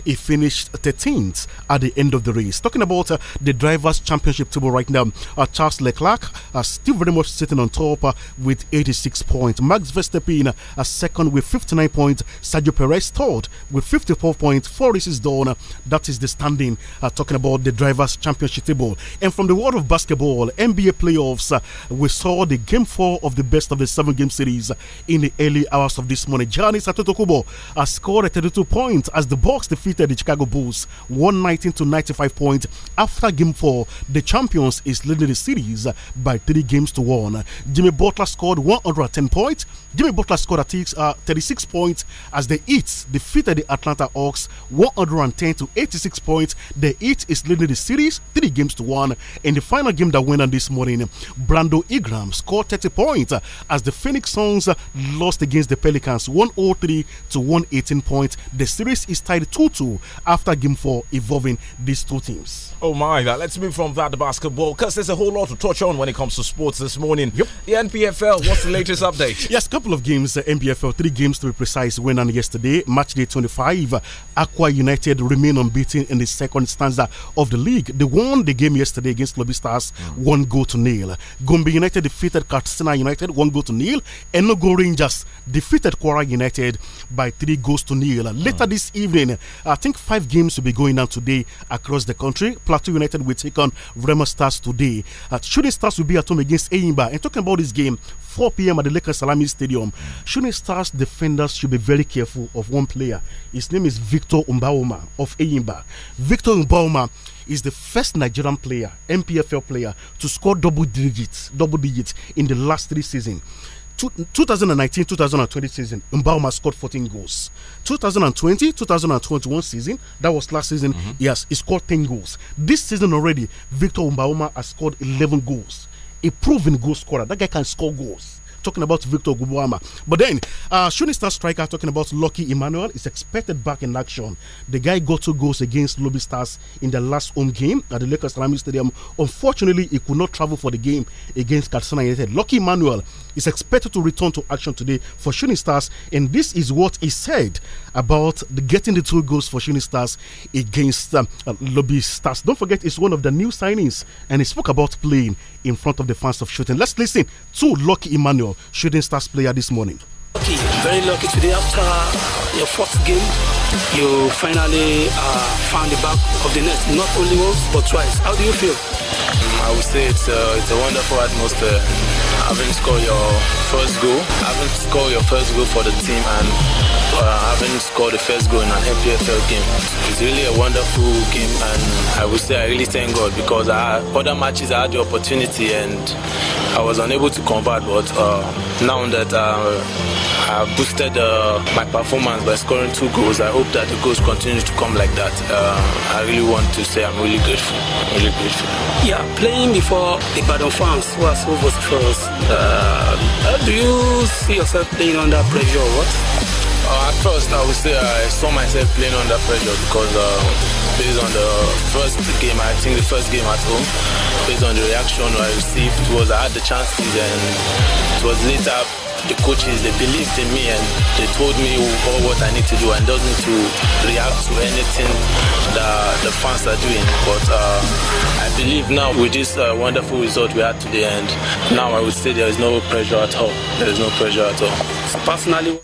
He finished 13th at the end of the race. Talking about uh, the Drivers' Championship table right now, uh, Charles Leclerc uh, still very much sitting on top uh, with 86 points. Max Verstappen uh, second with 59 points. Sergio Perez third with 54 points. Flores is done. That is the standing. Uh, talking about the Drivers' Championship table. And from the world of basketball, NBA playoffs, uh, we saw the game four of the best of the seven game series in the early hours of this morning. Giannis Antetokounmpo uh, scored 32 points as the Bucks defeated the Chicago Bulls 119 to 95 points. After game four, the champions is leading the series by three games to one. Jimmy Butler scored 110 points Jimmy Butler scored at uh, 36 points as the Heat defeated the Atlanta Hawks 110 to 86 points. The Heat is leading the series three games to one. In the final game that went on this morning, Brando Ingram scored 30 points uh, as the Phoenix Suns uh, lost against the Pelicans 103 to 118 points. The series is tied 2 2 after game four involving these two teams. Oh my, that let's move from that to basketball because there's a whole lot to touch on when it comes to sports this morning. Yep. The NPFL, what's the latest update? Yes, come couple of games, uh, MBFL, three games to be precise, went on yesterday. Match day 25, uh, Aqua United remain unbeaten in the second stanza of the league. They won the game yesterday against Lobby Stars, mm. one goal to nil. Gombe United defeated Katsina United, one goal to nil. Enugu Rangers defeated Quara United by three goals to nil. Later mm. this evening, I think five games will be going on today across the country. Plateau United will take on Vremas Stars today. Uh, Shooting Stars will be at home against Aimba. And talking about this game, 4 p.m. at the Lakers Salami Stadium. Shooting Stars defenders should be very careful of one player. His name is Victor Umbauma of Eyimba. Victor Umbauma is the first Nigerian player, MPFL player, to score double digits, double digits in the last three seasons. 2019-2020 season, Mbauma scored 14 goals. 2020-2021 season, that was last season. Mm mm-hmm. -hmm. Yes, he scored 10 goals. This season already, Victor Mbauma has scored 11 goals a proven goal scorer. That guy can score goals. Talking about Victor Gubuama. But then, uh, shooting star striker talking about Lucky Emmanuel is expected back in action. The guy got two goals against Lobby Stars in the last home game at the Lakers Rami Stadium. Unfortunately, he could not travel for the game against Katsina United. Lucky Emmanuel is expected to return to action today for Shooting Stars, and this is what he said about the getting the two goals for Shooting Stars against um, uh, Lobby Stars. Don't forget, it's one of the new signings, and he spoke about playing in front of the fans of Shooting. Let's listen to Lucky Emmanuel, Shooting Stars player, this morning. Lucky, very lucky today. After your first game, you finally uh, found the back of the net, not only once but twice. How do you feel? I would say it's, uh, it's a wonderful atmosphere having scored your first goal, having scored your first goal for the team, and uh, having scored the first goal in an FPFL game. It's really a wonderful game, and I would say I really thank God because I other matches I had the opportunity and I was unable to convert. But uh, now that uh, I boosted uh, my performance by scoring two goals, I hope that the goals continue to come like that. Uh, I really want to say I'm really grateful. Really grateful. Yeah, playing before the Badon fans was over so uh, uh, do you see yourself playing under pressure or what? Uh, at first, I would say I saw myself playing under pressure because uh, based on the first game, I think the first game at home, based on the reaction I received was I had the chances and it was later the coaches, they believed in me and they told me all what I need to do and doesn't to react to anything that the fans are doing. But uh, I believe now with this uh, wonderful result we had today, and now I would say there is no pressure at all. There is no pressure at all. Personally.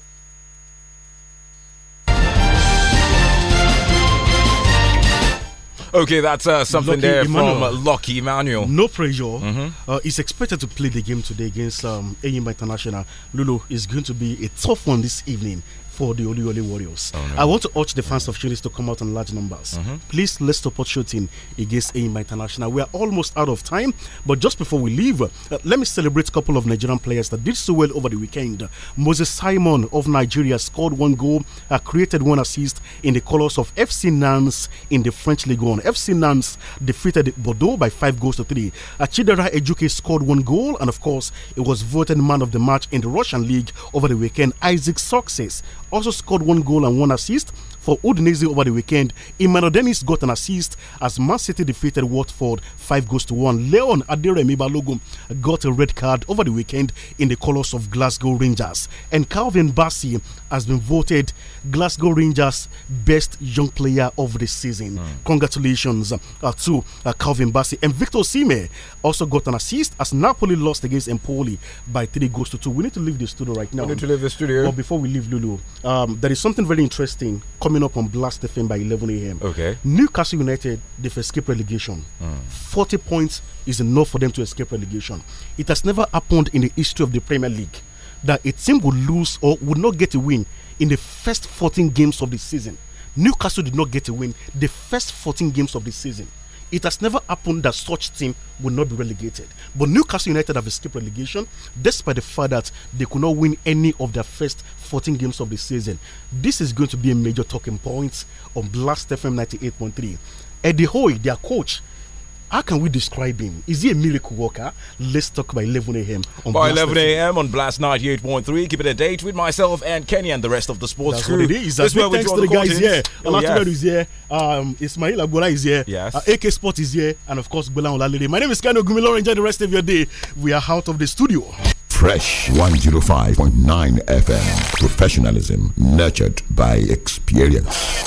Okay, that's uh, something Lucky there Emmanuel. from Lucky Emmanuel. No pressure. Mm -hmm. uh, he's expected to play the game today against um, AIMA International. Lulu is going to be a tough one this evening for the Oli Warriors. Oh, no. I want to urge the fans of Shooting to come out in large numbers. Mm -hmm. Please let's support Shooting against a International. We are almost out of time, but just before we leave, uh, let me celebrate a couple of Nigerian players that did so well over the weekend. Moses Simon of Nigeria scored one goal, uh, created one assist in the colours of FC Nantes in the French League One. FC Nantes defeated Bordeaux by five goals to three. Achidera Ejuke scored one goal, and of course, it was voted man of the match in the Russian League over the weekend. Isaac Success also scored one goal and one assist for Udinese over the weekend. Emmanuel Dennis got an assist as Man City defeated Watford 5 goals to 1. Leon Aderemi Balogun got a red card over the weekend in the colours of Glasgow Rangers. And Calvin Bassi has been voted Glasgow Rangers best young player of the season. Mm. Congratulations uh, to uh, Calvin Bassi. And Victor Sime also got an assist as Napoli lost against Empoli by 3 goals to 2. We need to leave the studio right now. We need to leave the studio. But before we leave, Lulu, um, there is something very interesting coming up on Blast FM by 11 a.m. Okay. Newcastle United, they've escaped relegation. Mm. 40 points is enough for them to escape relegation. It has never happened in the history of the Premier League that a team would lose or would not get a win in the first 14 games of the season. Newcastle did not get a win the first 14 games of the season. It has never happened that such team will not be relegated. But Newcastle United have escaped relegation despite the fact that they could not win any of their first 14 games of the season. This is going to be a major talking point on Blast FM 98.3. Eddie Hoy, their coach, how can we describe him? Is he a miracle worker? Let's talk by 11 a.m. on By Blast 11 a.m. on Blast 98.3. Keep it a date with myself and Kenny and the rest of the sports That's crew. What it is. That's where we thanks to the, the guys here. Oh, Alatural yes. is here. Um, Ismail Agbola is here. Yes. Uh, AK Sport is here. And of course, Bola Olalide. My name is Kano Gumilor. Enjoy the rest of your day. We are out of the studio. Fresh 105.9 FM. Professionalism nurtured by experience.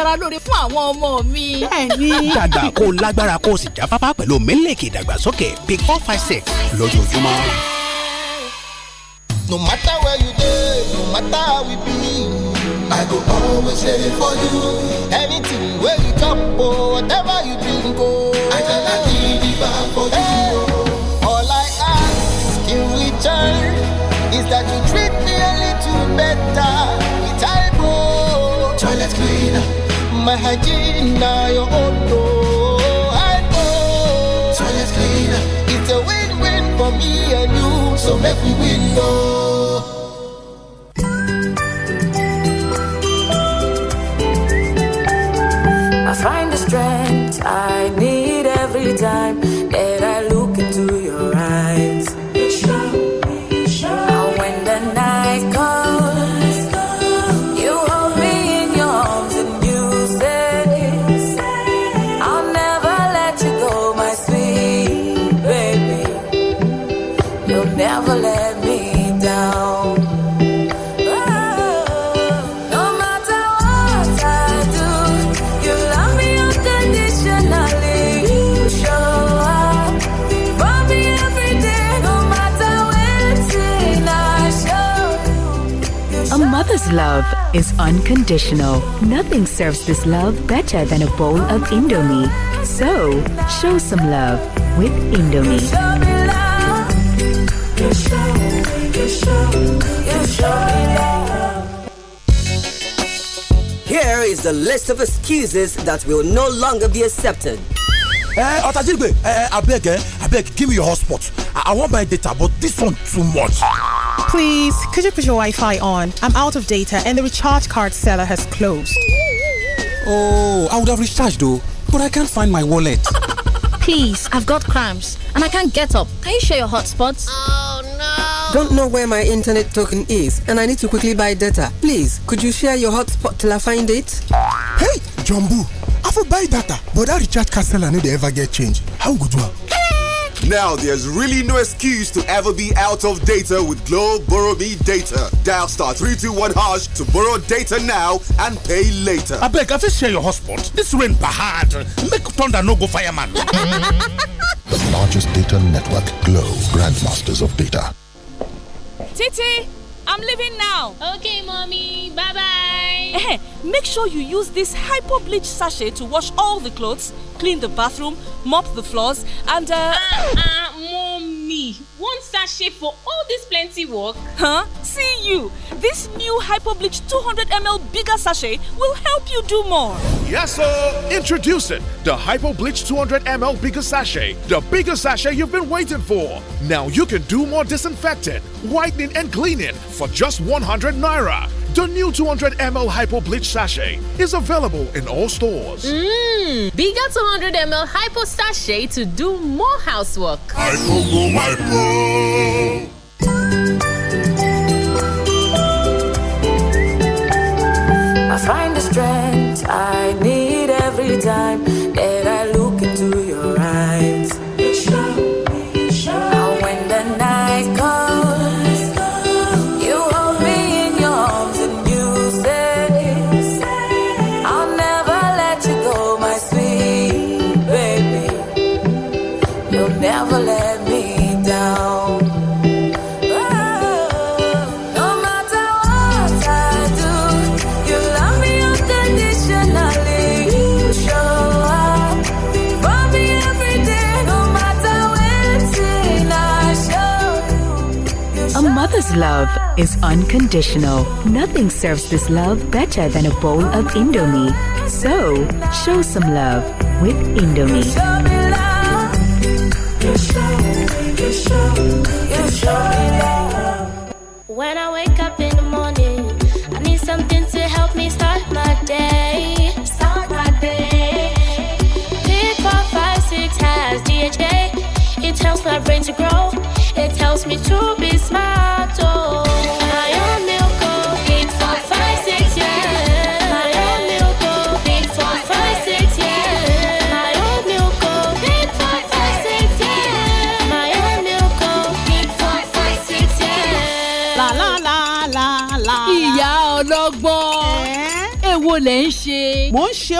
aṣara lóore fún àwọn ọmọ mi. bẹ́ẹ̀ni kó lágbára kó sì jáfáfá pẹ̀lú mílíkì ìdàgbàsókè big four five six lójoojúmọ́. no matter where you dey no matter how we be i go always dey for you anything wey you or oh, whatever you drink o. Oh. i your oh, oh, I know so clean It's a win-win for me and you So oh. I find the strength I need love is unconditional. Nothing serves this love better than a bowl of Indomie. So, show some love with Indomie. Here is the list of excuses that will no longer be accepted. Eh, Otajigbe, eh, I eh, beg, eh, give me your hotspot. I, I want my data, but this one too much. Please, could you put your Wi Fi on? I'm out of data and the recharge card seller has closed. Oh, I would have recharged though, but I can't find my wallet. Please, I've got cramps and I can't get up. Can you share your hotspots? Oh no! Don't know where my internet token is and I need to quickly buy data. Please, could you share your hotspot till I find it? Hey, Jumbo, I for buy data, but that recharge card seller need to ever get change. How good one? Now there's really no excuse to ever be out of data with Glow Borrow Me Data. Dial star 321 hash to borrow data now and pay later. I beg, I fit share your hotspot. This rain bahad. Make thunder no go fireman. the largest data network, Glow, grandmasters of data. Titi, I'm leaving now. Okay, mommy. Bye bye. Eh, make sure you use this hypo bleach sachet to wash all the clothes, clean the bathroom, mop the floors, and uh. Uh, uh mommy, one sachet for all this plenty work. Huh? See you. This new hypo bleach 200 ml bigger sachet will help you do more. Yes, sir. Introducing the Hypo Bleach 200 ml bigger sachet, the bigger sachet you've been waiting for. Now you can do more disinfecting, whitening, and cleaning for just 100 naira. The new 200ml Hypo Bleach Sachet is available in all stores. Mmm, bigger 200ml Hypo Sachet to do more housework. Hypo, boom, hypo. I find the strength I need every time love is unconditional. Nothing serves this love better than a bowl of Indomie. So, show some love with Indomie. When I wake up in the morning, I need something to help me start my day. Start my day. Pick four, five, six has DHA. It helps my brain to grow. It helps me to ¡Gracias!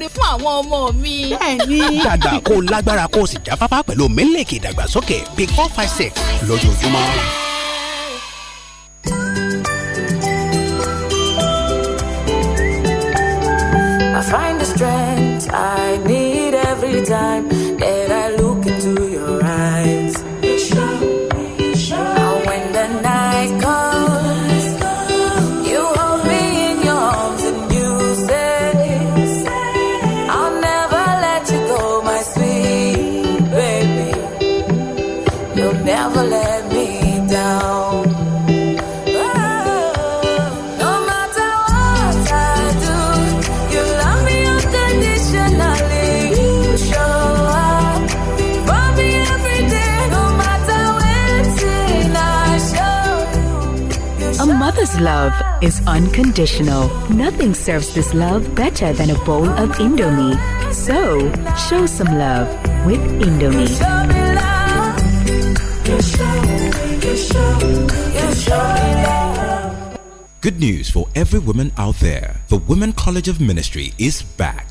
fún àwọn ọmọ mi. bẹ́ẹ̀ni. kó lágbára kó o sì pẹ̀lú mílíkì ìdàgbàsókè big four five six lójoojúmọ́. I find the strength I need every time. love is unconditional. Nothing serves this love better than a bowl of Indomie. So, show some love with Indomie. Good news for every woman out there. The Women College of Ministry is back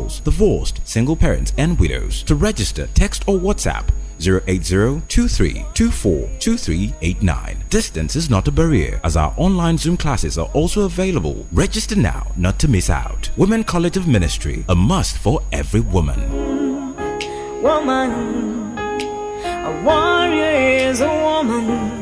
divorced, single parents, and widows. To register, text or WhatsApp 80 Distance is not a barrier as our online Zoom classes are also available. Register now not to miss out. Women College of Ministry, a must for every woman. Woman, a warrior is a woman.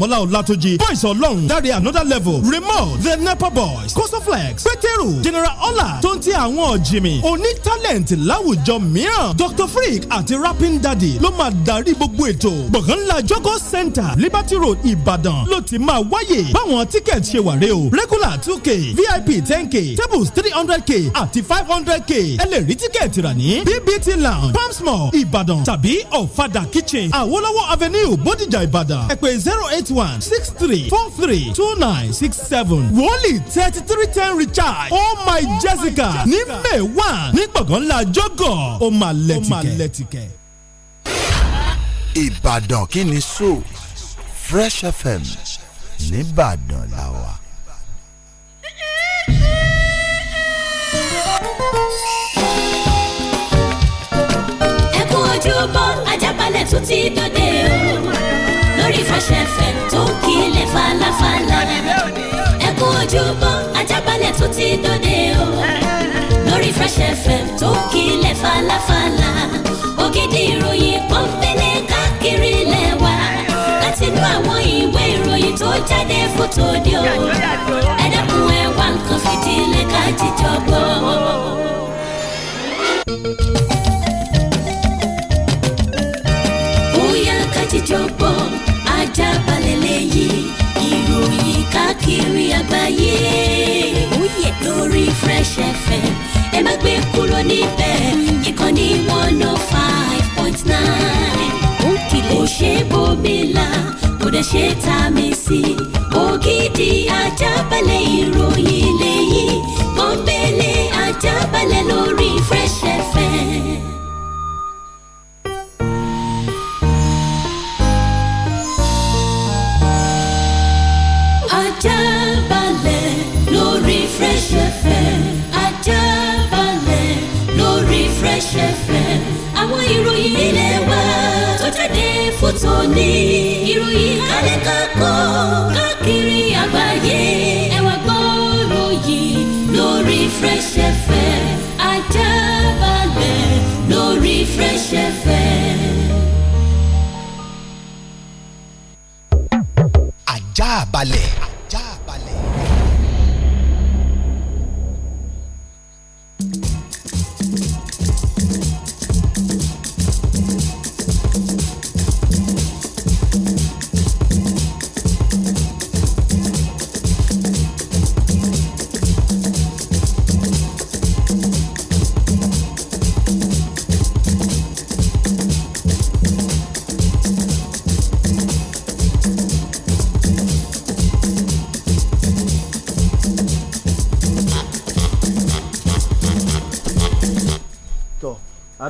Dàmọ́lá Ọlátúnjí Boys Ọlọ́run Dáre Another Level Remote The Nepa Boys Kosoflex Pétérù General Ola. tó ń ti àwọn jìmì oní talent láwùjọ mìíràn Dr Freak àti Rapping Daddy ló máa darí gbogbo ètò gbọ̀ngàn ńlá Jogo Center Liberty Road Ìbàdàn ló ti máa wáyè báwọn tíkẹ́ẹ̀tì ṣe wà rè o regular two k VIP ten k tables three hundred k àti five hundred k ẹ lè rí tíkẹ́ẹ̀tì rà ní BBT Lounge Palms Mall Ìbàdàn tàbí Ọ̀fadà Kitchen Àwọlọ́wọ́ Avenue Bódìjà Ìbàdàn ẹ pè zero eight eight one six three four three two nine six seven wọ́ọ̀lì thirty three ten recharge oh my jessica oh ní may one ní gbọ̀ngàn ńlá jọ́gọ̀ ó máa lẹ́tìkẹ́. ìbàdàn kí ni so fresh fm nìbàdàn làwà. ẹ kú ojúbọ ajábalẹ̀ tún ti dòde lórí Fresh FM tó kílẹ̀ falafala ẹ kú ojúmọ́ ajábalẹ̀ tó ti dòde o lórí Fresh tó kílẹ̀ falafala ògidì ìròyìn pọ́npẹ́lẹ́ káàkiri lẹ́wà láti inú àwọn ìwé ìròyìn tó jáde fótó di o ẹ dẹ́kun ẹ wá nǹkan fìdílé ká jíjọ gbọ́. Bóyá ká Ajábalẹ̀ lẹ́yìn ìròyìn káàkiri àgbáyé oh, lórí Fresh FM ẹ má gbé kúrò níbẹ̀ ìkànnì one oh five point nine kò ṣe bómi la kò dẹ̀ ṣe tá a mi sí ògidì Ajábalẹ̀ ìròyìn lẹ́yìn pọ́npẹ́lẹ́ Ajábalẹ̀ lórí Fresh FM. fm àwọn ìròyìn ilé wa tó jáde fún tòní ìròyìn alẹ́ kakọ́ káàkiri àgbáyé ẹ wá gbọ́rọ̀ yìí lórí fresh fm ajá balẹ̀ lórí fresh fm. ajá balẹ̀.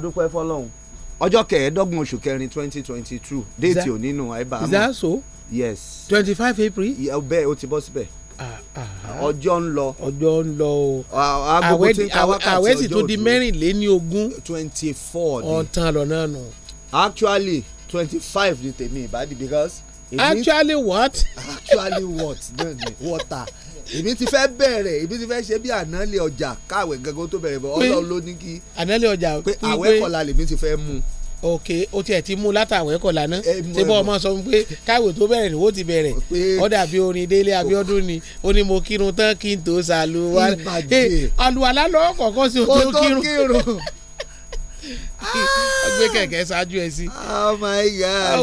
dúpẹ́ fọlọ́hún ọjọ́ kẹẹ̀ẹ́dọ́gbọ̀n oṣù kẹrin twenty twenty two déètì òní nù àìbá is that so yes twenty five april Yeah, bẹ́ẹ̀ o ti bọ́ síbẹ̀ ah, ah. ọjọ́ ń lọ ọjọ́ ń lọ o àwẹ̀ sì tún di mẹ́rìnléní ogún twenty four ni ọ̀tàn lọ́nà nù. actually twenty five ni tèmi ìbàdí because. actually what. actually what náà ni water èmi ti fẹ́ bẹ̀rẹ̀ èmi ti fẹ́ ṣe bí ànálẹ̀ ọjà káwé gangan tó bẹ̀rẹ̀ bọ̀ ọlọ́run ló ní kí ànálẹ̀ ọjà pé àwẹ́kọ̀lá lèmi ti fẹ́ mú ok o tiẹ̀ ti mú látàwẹ́ náà ṣé bọ́ ọmọ sọ pé káwé tó bẹ̀rẹ̀ ni ti bẹ̀rẹ̀ ọ̀dà bíi orin délé Abíọ́dún ni ó ní mo kírun tán kí n tó ṣàlùwà àlùwàlá lọ́wọ́ kọ̀ọ̀kan sí o kírun gbé kẹ̀kẹ́ ṣáájú ẹ sí. oh my gosh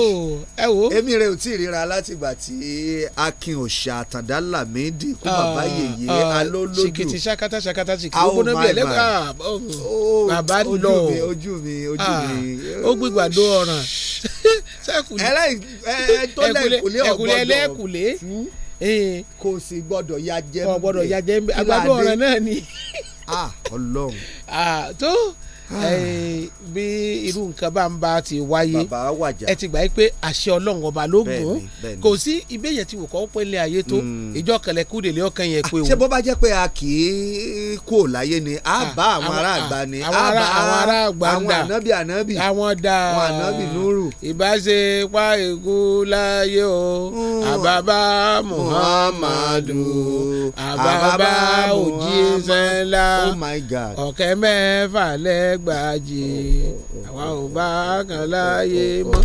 ẹ wo. èmi rẹ ò tí ì ríra látìgbà tí akin òṣà àtàndá lamidi kú ah, oh, oh, bàbá yèyé alólódù. ṣìkìtì ṣakata ṣakata ṣìkìtì gbóná bí ẹlẹ́gbàá bàbá lọ. ojú mi ojú ah, mi. ó gbígbàdo ọ̀ràn. ẹ̀kúlẹ̀ ẹlẹ́kùlé eh. kò sì gbọ́dọ̀ ya jẹ́ mbẹ́. ọ̀gbọ́dọ̀ ya jẹ́ mbẹ́ àgbàdo ọ̀ràn náà ni. ah ọlọ́run. Ah, tó. Ah. bí irú nǹkan bá ń bá ti wáyé ẹ ti gbà pé àṣẹ ọlọ́run ọba ló gùn kò sí ibẹ̀ yẹn ti wò kọ́ pé ilé ayé tó hmm. ìjọ kẹlẹ̀ kú délé ọkàn yẹn pé o. ṣé bó bá jẹ́ pé a kì í kú ò ni a ah, bá àwọn ará ah, àgbà ni a bá àwọn ará àgbà ń dà àwọn ànábì ànábì àwọn dà àwọn ànábì núrù. ìbáṣe pa ègún láyé o hmm. àbábá muhammadu àbábá òjíṣẹ́ ńlá oh ọ̀kẹ́ mẹ́fà lẹ́ẹ̀ ẹgbàájì oh, oh, oh, àwa ò bá kàn láàyè mọ́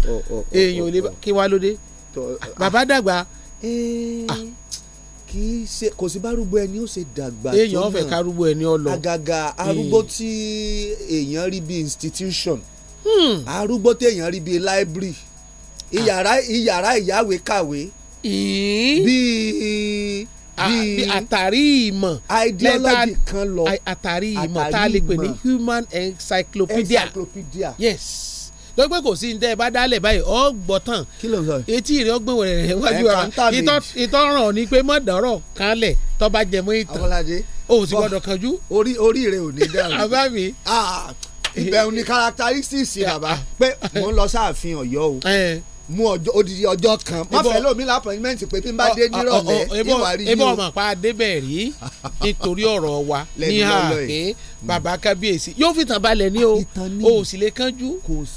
èèyàn ò lè kí wá lóde ah, ah. bàbá dàgbà eh, ah. kì í ṣe kò sí bárúgbó ẹni ó ṣe dàgbà tó náà èèyàn fẹ́ kárúgbó ẹni ọ lọ àgàgà hmm. arúgbó tí èèyàn rí bí institution hmm. arúgbó tí èèyàn rí bí library ìyàrá ìyàrá ìyáwèé kàwé bíi bí àtàrí ìmọ̀ ideology kan lọ àtàrí ìmọ̀ tá a lè pè ní human encyclopedia. yes ló pé kò sí ní tẹ́ ẹ bá dálẹ̀ báyìí ọ gbọ́ tán etí ìrìn ọgbẹ́ wẹ̀rẹ̀ rẹ̀ wájú wa ìtọ́ràn ni pé mọ̀dọ́rọ̀ kan lẹ̀ tọ́ba jẹmọ́ ìtàn o sì gbọ́dọ̀ kanjú. orí orí rẹ ò ní dáhùn. àbá mi ah, ibẹ̀ òní characteristics rà bá pé mò ń lọ sáàfin ọ̀yọ́ o mú ọjọ́ odidi ọjọ́ kan má fẹ́ lómi lápọ̀nmẹ́ǹtì pé bí n bá dé nírọ̀lẹ́ ìwà rí yìí o. ebi ọmọ pa débẹ̀ rí nítorí ọ̀rọ̀ wa ní àpé hmm. bàbá kábíyèsí yóò fi tàn balẹ̀ ní o o sì lè kánjú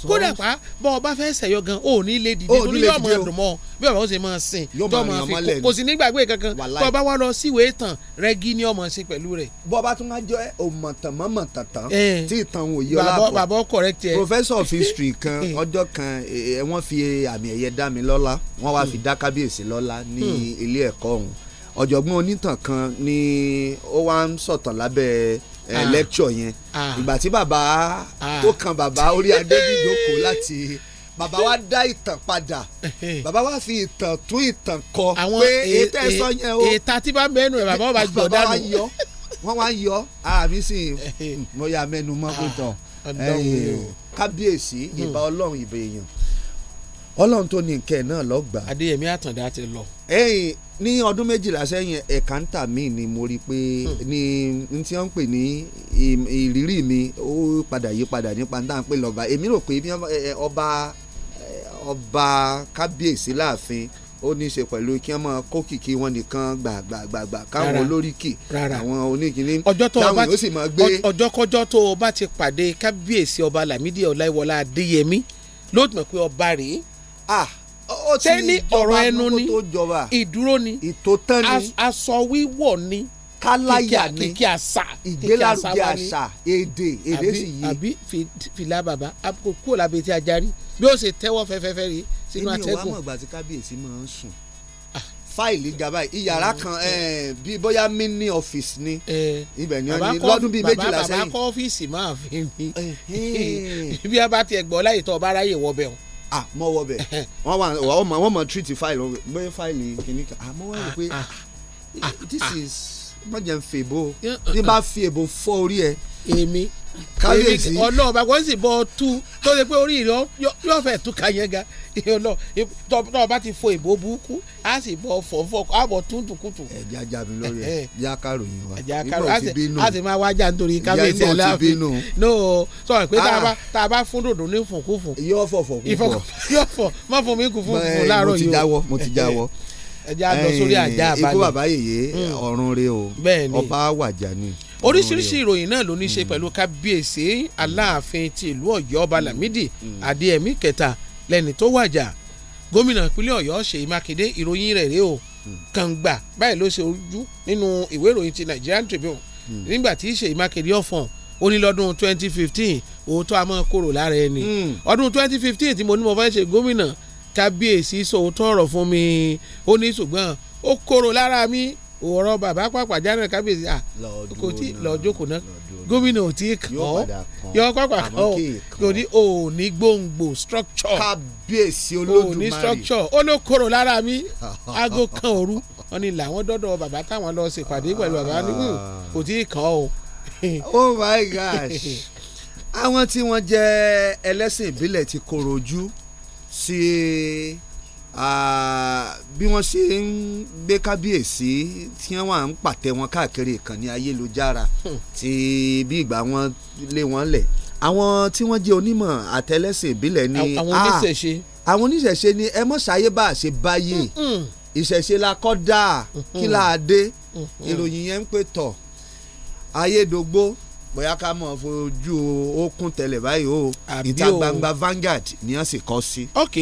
kódà pa bọ́ ọ bá fẹ́ gan o ní lè dìde torí yóò mọ̀ ẹ̀dùn mọ́ bí ọ̀rọ̀ ó máa sìn tó máa fi kò sì nígbàgbé kankan bọ́ ọ bá lọ síwèé tàn rẹ́gí ni ọmọ sí pẹ̀lú rẹ̀. bọ́ ọba tún wá jọ ẹ òmọ̀tàn mọ̀mọ̀tàntàn tí ìtàn òye ọlápọ̀ bàbá correct ẹ. professor of history kan ọjọ́ kan wọ́n fi àmì àmì ẹ̀yẹ dámilọ́lá wọ́n wá fi hmm. dá kábíyèsí lọ́lá ní hmm. ilé ẹ̀kọ́ ọ̀hún ọ̀jọ̀gbọ́n onítàn kan ni ó wá ń sọ̀tàn lábẹ́ ah. lẹ́kṣọ̀ yẹn ah. ìgbà tí bàbá ah. tó kan bàbá orí adé láti bàbá wa dá ìtàn padà bàbá wa fi ìtàn tún ìtàn kọ pé e ètò ẹ̀sọ́ e yẹn o ètà tí bá mẹ́nu ẹ̀ bàbá wa jọ dànù wọ́n wá yọ àmì sí mo ya mẹ́nu mọ́ kó tán kábíyèsí ìbá hmm. ọlọ́run ìbèèyàn ọlọ́run tó ní nkẹ́ náà lọ gbà. adéyẹmí àtàndá ti lọ. ẹ̀yìn ní ọdún méjìlá sẹ́yìn ẹ̀ka ń tà mí ni mo rí i pé hmm. ní n tí ń pè ní ìrírí mi ó padà yí padà nípa ń tà ń pè lọ́ba èmi rò pé ọba ọba kábíyèsí láàfin ó ní í ṣe pẹ̀lú kí wọ́n máa kó kìkì wọn nìkan gbàgbàgbà káwọn olóríkì àwọn oníkìní táwọn yóò sì máa gbé. ọjọ́kọ́jọ́ tó o bá ti pàdé kábíyèsí ọba lámídì ọláìwọlá adéyẹmí ló pé ọba rèé Ah, ṣé ní ọ̀rọ̀ ẹnu ni ìdúró ni ìtótán ni aṣọ wíwọ̀ ni kálàyà ni kìkì àṣà ìgbélárugẹ àṣà èdè èdè sì yé. àbí fìlà bàbá kò kúrò lábẹ́ tí a jarí bí ó ṣe tẹ́wọ́ fẹ́fẹ́fẹ́ rí sínú atẹ́gùn. èmi ò wá mọ̀ ìgbà tí kábíyèsí máa ń sùn ah. fáìlì jaba ìyàrá mm, kan mm. eh, bíi bóyá mini office ni eh, ibẹ̀ ni lọ́dún bíi méjìlá sẹ́yìn. bàbá kọ́ ọ́fíìsì máa fi mi bí a bá tiẹ̀ gbọ́ láyè tó ọba aráyè wọ bẹ̀rù ah mọ wọ bẹ wọn wà wọn mọ wọn mọ treat file wọn bẹ file kìnnìkan ah mọ wọ bẹ this is má jẹ́ n fi èbó bí n bá fi èbó fọ́ orí ẹ. èmi kábíyèsí ọ̀nà ọba kò sì bọ̀ tú tó ṣe pé orí rẹ yóò fẹ́ tú ka yẹn ga ọ̀nà tó ọba ti fo ìbò burúkú á sì bọ̀ fọ̀fọ̀ á bọ̀ tún ẹ jẹ́ ajá mi lórí ẹ jẹ́ akáròyìn wa ìgbà òtí bínú a sì máa wá ajá nítorí kábíyèsí ẹ̀ no sọ pé ah. tá a bá fún dòdò ní fùnkúfùn. yóò fọ̀ fọ̀ kúfọ̀ yóò fọ̀ mọ́ fún mi kú ẹja lọ sórí ajá àbálẹ ikú bàbá yèyé hmm. ọ̀run rẹ o ọba wàjà ni oríṣiríṣi ìròyìn náà ló ní í ṣe hmm. pẹ̀lú kábíyèsí aláàfin ti ìlú ọ̀yọ́ ọba hmm. lámìdí adéyẹmí kẹta lẹ́ni tó wàjà gómìnà ìpínlẹ̀ ọ̀yọ́ ṣèyí mákindé ìròyìn rẹ̀ rèé o kàngbà báyìí ló ṣe ojú nínú ìwé ìròyìn ti nigerian tribune nígbà tí ṣèyí mákindé ọ̀fọ̀n ó ní lọ́dún 2015 òótọ́ àmọ́ kòrò lára ẹni ọdún 2015 tí mo ní mo fẹ́ ṣe gómìnà kábíyèsí sòótọ́ ọ̀rọ̀ fún mi ó ní ṣùgbọ́n ó kóró lára mi ọ̀rọ̀ bàbá pàpà jánà kábíyèsí à ah, kò tí lọ́jọ́kò náà gómìnà ò tí kàn ọ́ yọ pàpà kàn ọ́ kò ní òní gbòǹgbò structure kábíyèsí olódùmarè structure ó ló kóró lára mi aago kan òru wọn ni làwọn dọ́dọ̀ bàbá táwọn lọ ṣèpàdé pẹ̀lú bàbá nínú hmm, kò tí kàn ọ́. oh my gosh àwọn tí wọ́n jẹ́ ẹlẹ́sìn ìbílẹ̀ ti kóró ojú sí bí wọ́n ṣe ń gbé kábíyèsí tí wọ́n wà ń pàtẹ wọn káàkiri ìkànnì ayélujára hmm. tí bí ìgbà wọn lé wọn lẹ̀ àwọn tí wọ́n jẹ́ onímọ̀ àtẹlẹ́sìn ìbílẹ̀ ni àwọn oníṣẹ̀ṣe àwọn oníṣẹ̀ṣe ni ẹ mọ̀ ṣayé bá a ṣe báyé hmm, hmm. ìṣẹ̀ṣe la kọ́ dáa kí la dé ìròyìn yẹn ń pè tọ̀ ayédògbò bóyá ká mọ̀ fojú okun tẹ̀lẹ̀ báyìí o ìta gbangba Vanguard ni wọ́n sì kọ́ sí. ok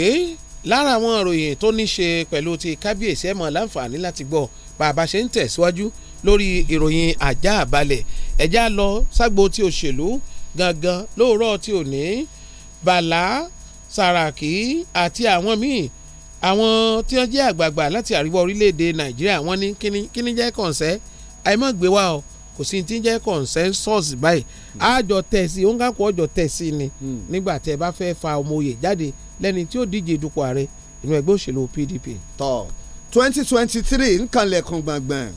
lára àwọn ìròyìn tó ní ṣe pẹ̀lú ti kábíyèsí ẹ̀ mọ̀ láǹfààní láti gbọ́ bàbá ṣe ń tẹ̀síwájú lórí ìròyìn ajá àbálẹ̀ ẹ̀já lọ ságbo ti òṣèlú gangan lóòrọ̀ ti òní Bàlá Sàràkí àti àwọn míì àwọn tí wọ́n jẹ́ àgbààgbà láti àríwá orílẹ̀-èdè Nàìjíríà wọ́n ní kíní kíní jẹ́ kọ̀ǹsẹ́ àìmọ́ gbé wá o kò sí ti ń jẹ́ consensus báyìí àjọ hmm. tẹ̀sí ó ọjọ́ tẹ̀sí ni hmm. nígbà tẹ́ ẹ bá fẹ́ fa ọmọ òye jáde lẹ́ni tí ó díje dupò ààrẹ inú ẹgbẹ́ òṣèlú PDP. tọ́ twenty twenty three nkanlẹ̀kùn gbọ̀ngbọ̀n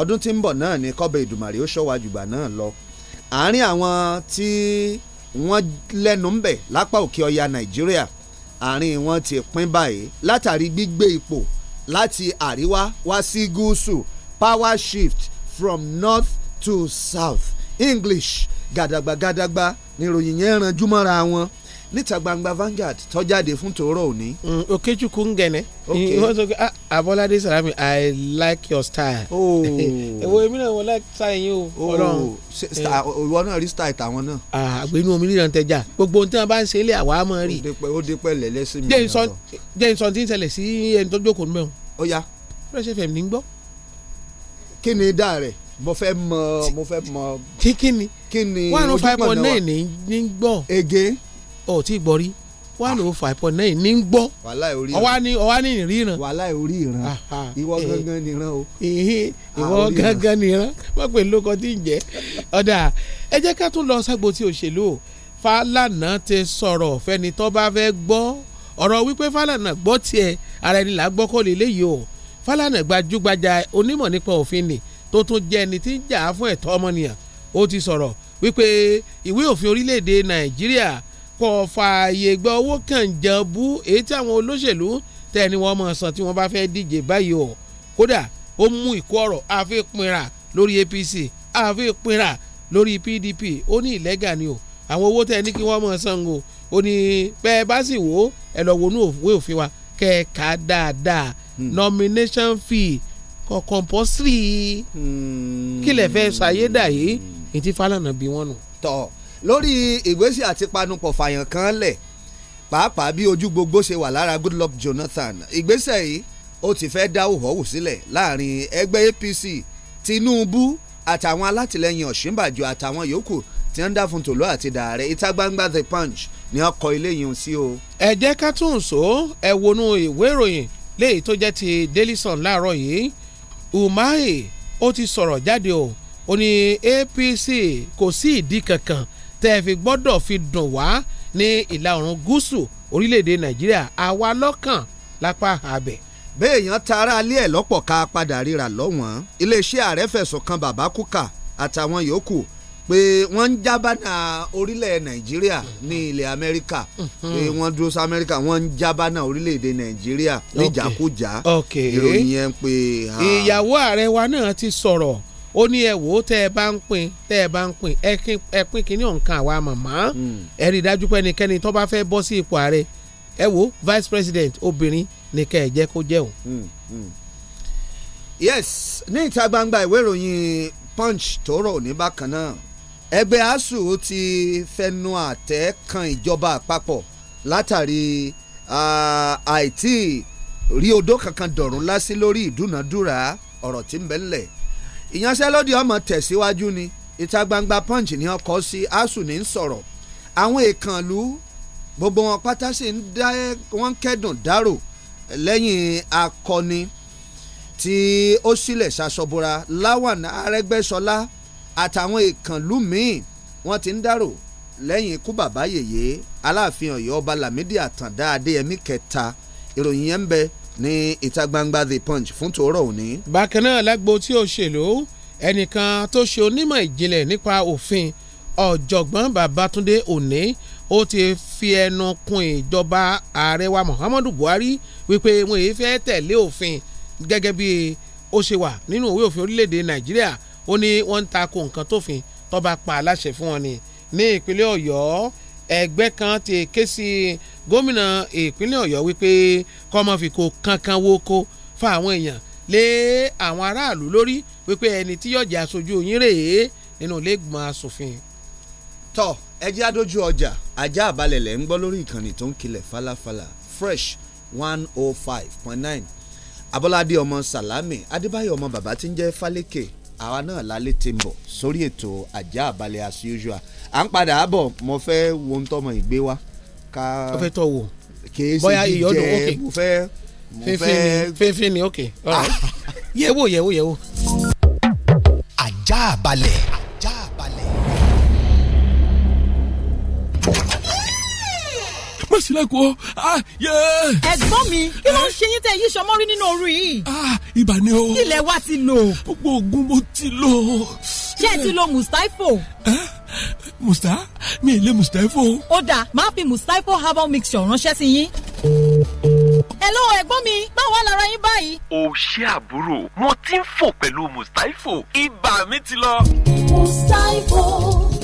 ọdún tí ń bọ̀ náà ni kọ́bẹ̀ ìdùmàrè ó ṣọ́wájú gbà náà lọ àárín àwọn tí wọ́n lẹ́nu ń bẹ̀ lápá òkè ọya Nàìjíríà àárín wọn ti pín báyìí látàrí gbígbé ipò láti àríwá wá sí gúúsù power shift from north to south english gàdàgbà gàdàgbà níròyìn yẹn ranjú mọ́ra wọn níta gbangba Vanguard tó jáde fún tòórọ́ òní. Mm, okechukwu ń gẹ̀nẹ́ wọ́n sọ pé abolade salami i like your style. ẹ̀wọ̀n oh. èmi náà wọ́n like style yín o. Oh. Eh. ìwọ náà rí style tàwọn náà. Ah, àgbẹ̀nu omi ríran tẹja gbogbo ohun tí wọ́n bá ń ṣe ilé àwa máa rí. ó dé pẹ́ lẹ́lẹ́ sí mi. jẹ́ ìsọ̀n tí ń ṣẹlẹ̀ sí ẹni tó jókòó mẹ́wọ̀n. ó yá. fresh fm ní gbọ́. kí ni dáa rẹ̀ mo fẹ́ mọ mo fẹ́ mọ. kí kí ni kí ni one oh five point nine ni? ní gbọ́. ege. ọ tí ì gbọ́ rí one oh five point nine ní gbọ́. wàhálà orí ìran ọwá ní ọwá ni ìríran. wàhálà orí ìran ìwọ eh. gangan nìran o. Ah, ìwọ gangan nìran wọ́n pè lóko tí ń jẹ́ ọ̀dà ẹ jẹ́ ká tún lọ ságbo tí òṣèlú o Fálànà ti sọ̀rọ̀ fẹ́ni tó bá fẹ́ gbọ́ ọ̀rọ̀ wípé Fálànà gbọ́ tiẹ̀ ara ẹni là gbọ́ lélẹ́yìí o Fálànà gbajúgbajà onímọ̀ nípa òfin ni tó tún jẹ́ ẹni tí ń jà fún ẹ̀tọ́ ọmọnìyàn ó ti sọ̀rọ̀ wípé ìwé òfin orílẹ̀-èdè nàìjíríà kò fààyè gba owó kànjàn bú èyí tí àwọn olóṣèlú tẹ̀ ni wọ́n mọ̀ sàn tí wọ́n bá fẹ́ díje báyìí o kódà ó mú ìkó ọ̀rọ̀ àfipínra lórí APC àfipínra lórí PDP ó ní ìlẹ́gà ni o àwọn owó tẹ̀ ní kí wọ́n mọ̀ sàn o ó ní bẹ́ẹ̀ bá sì wò ó ẹ lọ wọnú òwe òfin wa kẹ́ẹ̀ka dáadáa hmm. nomination fee kọ compulsory hmm. kílẹ̀ fẹ́ ṣàyédà yìí ètí hmm. Fálànà bí wọ́n nù. tọ lórí ìgbésí àti panupọ̀ fàyàn kan lẹ̀ pàápàá bí ojú gbogbo ṣe wà lára Goodluck Jonathan ìgbésẹ̀ yìí ó ti fẹ́ dá òhòwò sílẹ̀ láàrin ẹgbẹ́ APC Tinubu àtàwọn alátìlẹyìn Ọ̀ṣínbàjò àtàwọn yòókù ti wọ́n ń dá fún tòló àti dàrẹ ìta gbangba The Punch ni wọ́n kọ ilé yìí sí o. ẹ jẹ́ ká tún sọ ẹ wọnú ìwé ìròyìn léyìí tó jẹ́ ti Daily Sun láàárọ̀ yìí Umahi ó ti sọ̀rọ̀ jáde o ó ní APC kò sí ìdí kankan tẹ́ ẹ fi gbọ́dọ̀ fi dùn wá ní ìlà oòrùn gúúsù orílẹ̀-èdè Nàìjíríà àwa lọ́kàn lápá abẹ́ béèyàn tara alẹ́ ẹ̀ lọ́pọ̀ ká padà ríra lọ́wọ́n iléeṣẹ́ ààrẹ fẹ̀sùn kan bàbá kúkà àtàwọn yòókù pé wọ́n ń jábánà orílẹ̀ nàìjíríà ní ilẹ̀ amẹ́ríkà mhm. pé wọ́n dúró sí amẹ́ríkà wọ́n ń jábánà orílẹ̀-èdè nàìjíríà níjàkújà ìròyìn yẹn ń pè. ìyàwó ààrẹ wa náà ti sọ̀rọ̀ ó ní ẹ wò ó tẹ́ ẹ bá ń pín tẹ́ ẹ bá ń pín ẹ pín kínní ọ̀nkan àwa màmá hmm. ẹ rí i dájú pé ẹnikẹ́ni tó bá fẹ́ bọ́ sí ipò ààrẹ ẹ wò vice president obìnrin nìkan ẹ̀ jẹ́ kó jẹ́ òun. Hmm, hmm. yes ní ìta gbangba ìwé ìròyìn punch tó rọ̀ ní bákan náà ẹgbẹ́ asuu ti fẹnu àtẹ́ kan ìjọba àpapọ̀ látàrí àìtí rí odó kankan dọ̀rùn lásì lórí ìdúnàdúrà ọ̀rọ̀ tí ń bẹ ńlẹ̀ ìyanṣẹ́lódì ọmọ tẹ̀síwájú ni ìta gbangba punch ni ọkọ̀ sí asuu ní ń sọ̀rọ̀ àwọn ìkànnlú gbogbo wọn pátá sì ń dá wọn kẹ́dùn dárò lẹ́yìn akọni tí ó sílẹ̀ ṣaṣọbora Lawan Arẹ́gbẹ́ṣọlá àtàwọn ìkànlú míì wọ́n ti ń dárò lẹ́yìn ikú bàbá yèyé aláàfin ọ̀yọ́ ọba lámìdí àtàndá adéyẹmí kẹta ìròyìn yẹn ń bẹ ní ìta gbangba the punch fún tòórọ́ òní. bákan náà lágbo tí ó ṣèlú ẹnìkan tó ṣe onímọ̀ ìjìnlẹ̀ nípa òfin ọ̀jọ̀gbọ́n babatunde òní ó ti fi ẹnu kun ìjọba ààrẹ wa muhammadu buhari wípé wọn èyí fẹ́ tẹ̀lé òfin gẹ́gẹ́ bí ó ṣe wà nínú òwe òfin orílẹ̀-èdè nàìjíríà ó ní wọ́n ń ta ko nǹkan tófin tó pa aláṣẹ fún wọn ni ní ìpínlẹ̀ ọ̀yọ́ ẹgbẹ́ kan ti ké sí gómìnà ìpínlẹ̀ ọ̀yọ́ wípé kọ́mọ fi ko kankan wo ko fún àwọn èèyàn lé àwọn aráàlú lórí wípé ẹni tí yọ̀ọ́ jẹ́ aṣojú yín rèé nínú ilé ìgbìmọ̀ asòfin. tọ́ adójú ọjà ajá àbálẹ̀ lẹ́ ń gbọ́ lórí ìkànnì tó ń kilẹ̀ falafala fresh one oh five point nine abọ́ládé ọmọ salami adébáyọ̀ ọmọ bàbá tí ń jẹ́ fálékè àwa náà lálé ti ń bọ̀ sórí ètò àjà àbálẹ̀ as usual à ń padà bọ̀ mo fẹ́ wo ń tọmọ ìgbé wa. ká ọ fẹ́ tọ̀ wò bóyá ìyọ́dún òkè mo fẹ́ mo fẹ́ fínfín ni òkè wo yẹ̀wò wo. àjà àbálẹ̀. má sílẹ̀kùn o. ẹ̀gbọ́n mi kí ló ń ṣe yín tẹ́ yí sọmọ́ rí nínú òru yìí. Ah, ibà ni o. ilẹ̀ wa ti lò. gbogbo oògùn mo ti lò. ṣé ẹ ti lo mustapho. musta mi ì lé mustapho. ó dáa máa fi mustapho herbal mixture ránṣẹ́ sí yín. Hello ẹ̀gbọ́n mi, báwo lára yín báyìí? O ṣé àbúrò, wọ́n ti ń fò pẹ̀lú Mustapho. Ibà mi ti lọ. Mustapho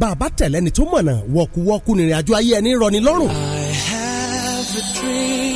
bàbá tẹ̀lẹ́ni tó mọ̀nà wọ̀kúwọ́kú nìrìn àjò ayé ẹni rọni lọ́rùn. I have a dream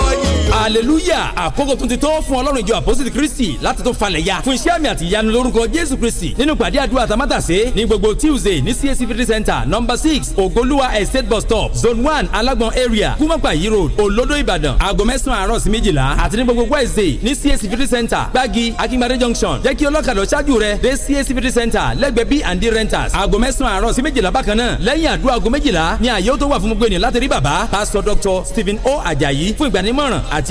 hallelujah àkókò tún ti tó fún ọlọ́run ìjọ àpọ́sítì kristi láti tún falẹ̀ ya fún iṣẹ́ àmì àti ìyanu lórúkọ jésù kristi nínú pàdé àdúrà tamátàsé ní gbogbo tuesday ní csc fifty center number six ogoluwa estate bus stop zone one alágbọn area kúmọ̀pàyí road olodo ìbàdàn aago mẹ́sàn-án àárọ̀ sí méjìlá àti ní gbogbo wednesday ní csc fifty center gbági akíngbadé junction jẹ́ kí ọlọ́kadà ṣáájú rẹ dé csc fifty center lẹ́gbẹ̀ẹ́ b and d renters aago mẹ́sàn-án àárọ̀ sí méjìlá bákan náà lẹ́yìn ni àyè ó tó wà fún gbogbo ènìyàn láti stephen o ajayi fún ìgbanímọ̀ràn àti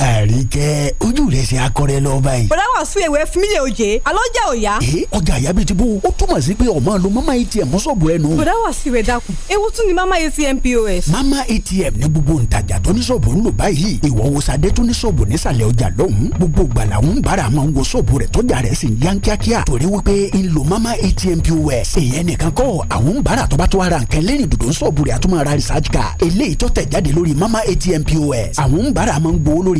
àríkẹ́ ojú rẹ̀ ṣe akọrẹ lọ báyìí. bọ̀dá wà sún ewé fún lè oje alọ́ jẹ́ òya. ee ọjà àyàbí ti bó o túmọ̀ sí pé ọmọ lo mama atm mọ́sọ̀bù ẹnu. bọ̀dá wà sí ìwé dákun ewu tún ni mama atm pos. mama atm ní gbogbo ntajà tó ní sọ̀bù ń lò báyìí ìwọ wo sadé tó ní sọ̀bù nísàlẹ̀ ọjà lọ́hùn gbogbo gbala ń bára máa ń wo sọ̀bù rẹ̀ tọ́jà rẹ̀ sì ń kíákíá mama atm pos. èèyàn nìkan kọ́ àwọn ń bára tó bá tó ara nǹkan lẹ́yìn dòdò ń sọ̀bù rẹ̀ àtúmọ̀ ara mama atm pos. àwọn ń bára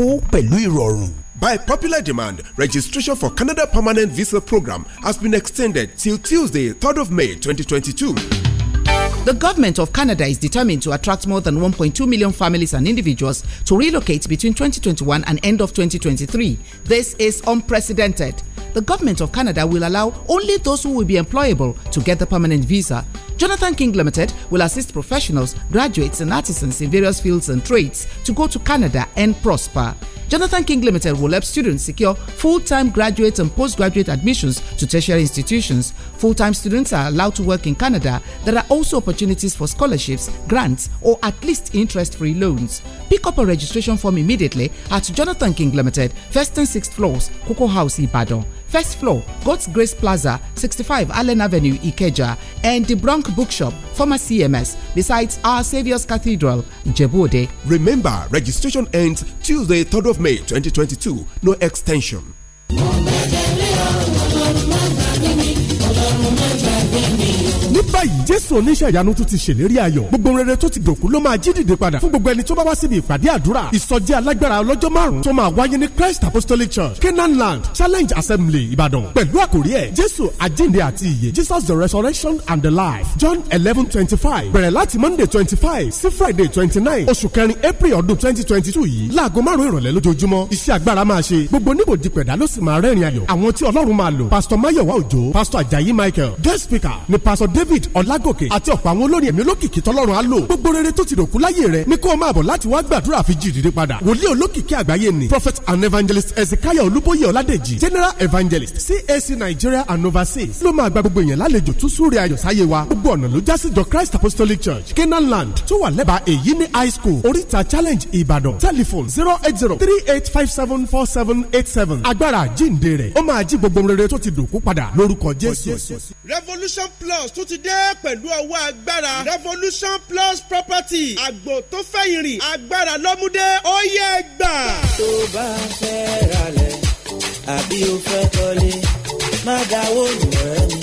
sanwó pẹ̀lú ìrọ̀rùn. By popular demand, registration for Canada Permanent Visa Program has been extended till Tuesday, 3rd of May 2022. The government of Canada is determined to attract more than 1.2 million families and individuals to relocate between 2021 and end of 2023. This is unprecedented. The government of Canada will allow only those who will be employable to get the permanent visa. Jonathan King Limited will assist professionals, graduates, and artisans in various fields and trades to go to Canada and prosper. Jonathan King Limited will help students secure full-time graduate and postgraduate admissions to tertiary institutions. Full-time students are allowed to work in Canada. There are also opportunities for scholarships, grants, or at least interest-free loans. Pick up a registration form immediately at Jonathan King Limited, first and sixth floors, Coco House, Ibadan. First floor, God's Grace Plaza, 65 Allen Avenue, Ikeja, and the Bronx Bookshop, former CMS, besides Our Saviour's Cathedral, Jebode. Remember, registration ends Tuesday, 3rd of May 2022. No extension. báyìí jésù oníṣẹ́ ìyanu tún ti ṣèlérí ayọ̀ gbogbo rere tó ti dòkú ló máa jí dìde padà fún gbogbo ẹni tó bá wá síbi ìpàdé àdúrà ìsọjí alágbára ọlọ́jọ́ márùn tó máa wáyé ní christ apostolic church canaan land challenge assembly ìbàdàn pẹ̀lú àkòrí ẹ̀ jésù àjíǹde àti ìyè jesus the resurrection and the life john eleven twenty five bẹ̀rẹ̀ láti monday twenty five sí friday twenty nine oṣù kẹrin april ọdún twenty twenty two yìí láago márùn ìrọ̀lẹ́ lójoojúmọ́ iṣẹ́ agbára máa ṣe gbogbo níbòdì pẹ̀dá ló sì máa rẹ́rìn ayọ̀ àwọn tí ọlọ́run máa lò pastor mayowa òjò pastor ajayi michael guest speaker ni pastor david ọlágòkè àti ọ̀pọ̀ àwọn olórin ẹ̀mí olókìkí tọ́lọ́run á lò gbogbo rere tó ti rò kú láyé rẹ ní kó o máa bọ̀ láti wá gbàdúrà fi jìdìde padà wòlíì olókìkí àgbáyé ni prophet and evangelist ezekiah olúbóyè ọládèjì general evangelist cac nigeria and overseas ló máa gba gbogbo èèyàn lálejò tún súre ayọ̀ wa gbogbo ọ̀nà ló já sí jọ christ apostolic church canaan land tó wà lẹ́bàá èyí ní high school oríta challenge ìbàdàn telephone zero eight zero three eight five seven four seven eight seven agbára jíǹde rẹ̀ ó máa jí gbogbo rere tó ti dòkú padà lórúkọ jésù. revolution plus tún ti dé pẹ̀lú ọwọ́ agbára revolution plus property àgbò tó fẹ́ ìrìn agbára lọ́múdé ó yẹ gbà. tó bá fẹ́ ralẹ̀ àbí o fẹ́ kọ́lé má dáwọ́ lù ẹ́ ní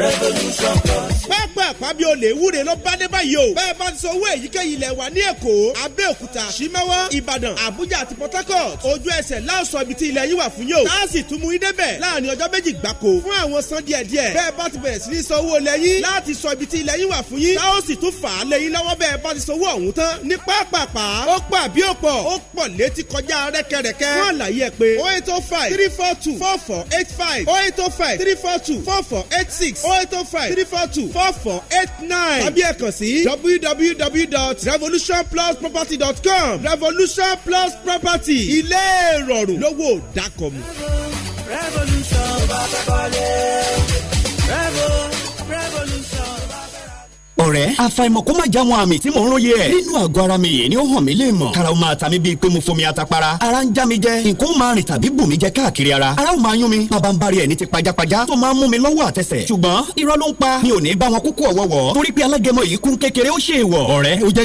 revolution plus pápá bí olè wúre ló bá dé báyìí o bẹ́ẹ̀ bá ti sọ owó èyíkéyìí ilẹ̀ wa ní èkó abẹ́òkúta ṣímẹ́wọ́ ìbàdàn àbújá àti port harcourt ojú ẹsẹ̀ láòsọ ibi tí ilẹ̀ yìí wà fún yóò láàsì tún mú idébẹ̀ láàrin ọjọ́ méjì gbáko fún àwọn san díẹ̀ díẹ̀ bẹ́ẹ̀ bá ti bẹ̀rẹ̀ sí ní sọ owó lẹ́yìn láti sọ ibi tí ilẹ̀ yìí wà fún yín táwọn tún fà á lẹ́yìn lọ́wọ́ bẹ́ẹ̀ bá ti sọ owó ọ̀hún tán ní pápápá ó pọ̀ àbí ó pọ̀ ó pọ̀ létí kọjá rẹ́kẹrẹ́kẹ́ fún àlàyé ẹ pé oh eight oh three four two four four eight five oh eight oh three four two four four eight six oh eight oh three four two eight nine tàbí ẹ kàn sí www.revolutionplusproperty.com revolution plus property ilé ìrọ̀rùn lówó dákọ̀mù. revolution bá kọ́lé. ọ̀rẹ́ àfàìmọ̀ kó má já wọn àmì tí mò ń róye ẹ̀. nínú àgọ́ ara mi yìí ni ó hàn mí lè mọ̀. karaw máa ta mi bíi pé mo fomi atapara. ara ń já mi jẹ nǹkan máa rìn tàbí bù mí jẹ káàkiri ara. ara ò máa yún mi bàbá ń bari ẹ̀ ní ti pajápajá tó máa ń mú mi lọ́wọ́ àtẹsẹ̀. ṣùgbọ́n irọ́ ló ń pa mi ò ní bá wọn kúkú ọ̀wọ́wọ́ torí pé alágẹmọ yìí kún kékeré ó ṣe ìwọ̀. ọ̀rẹ́ o jẹ́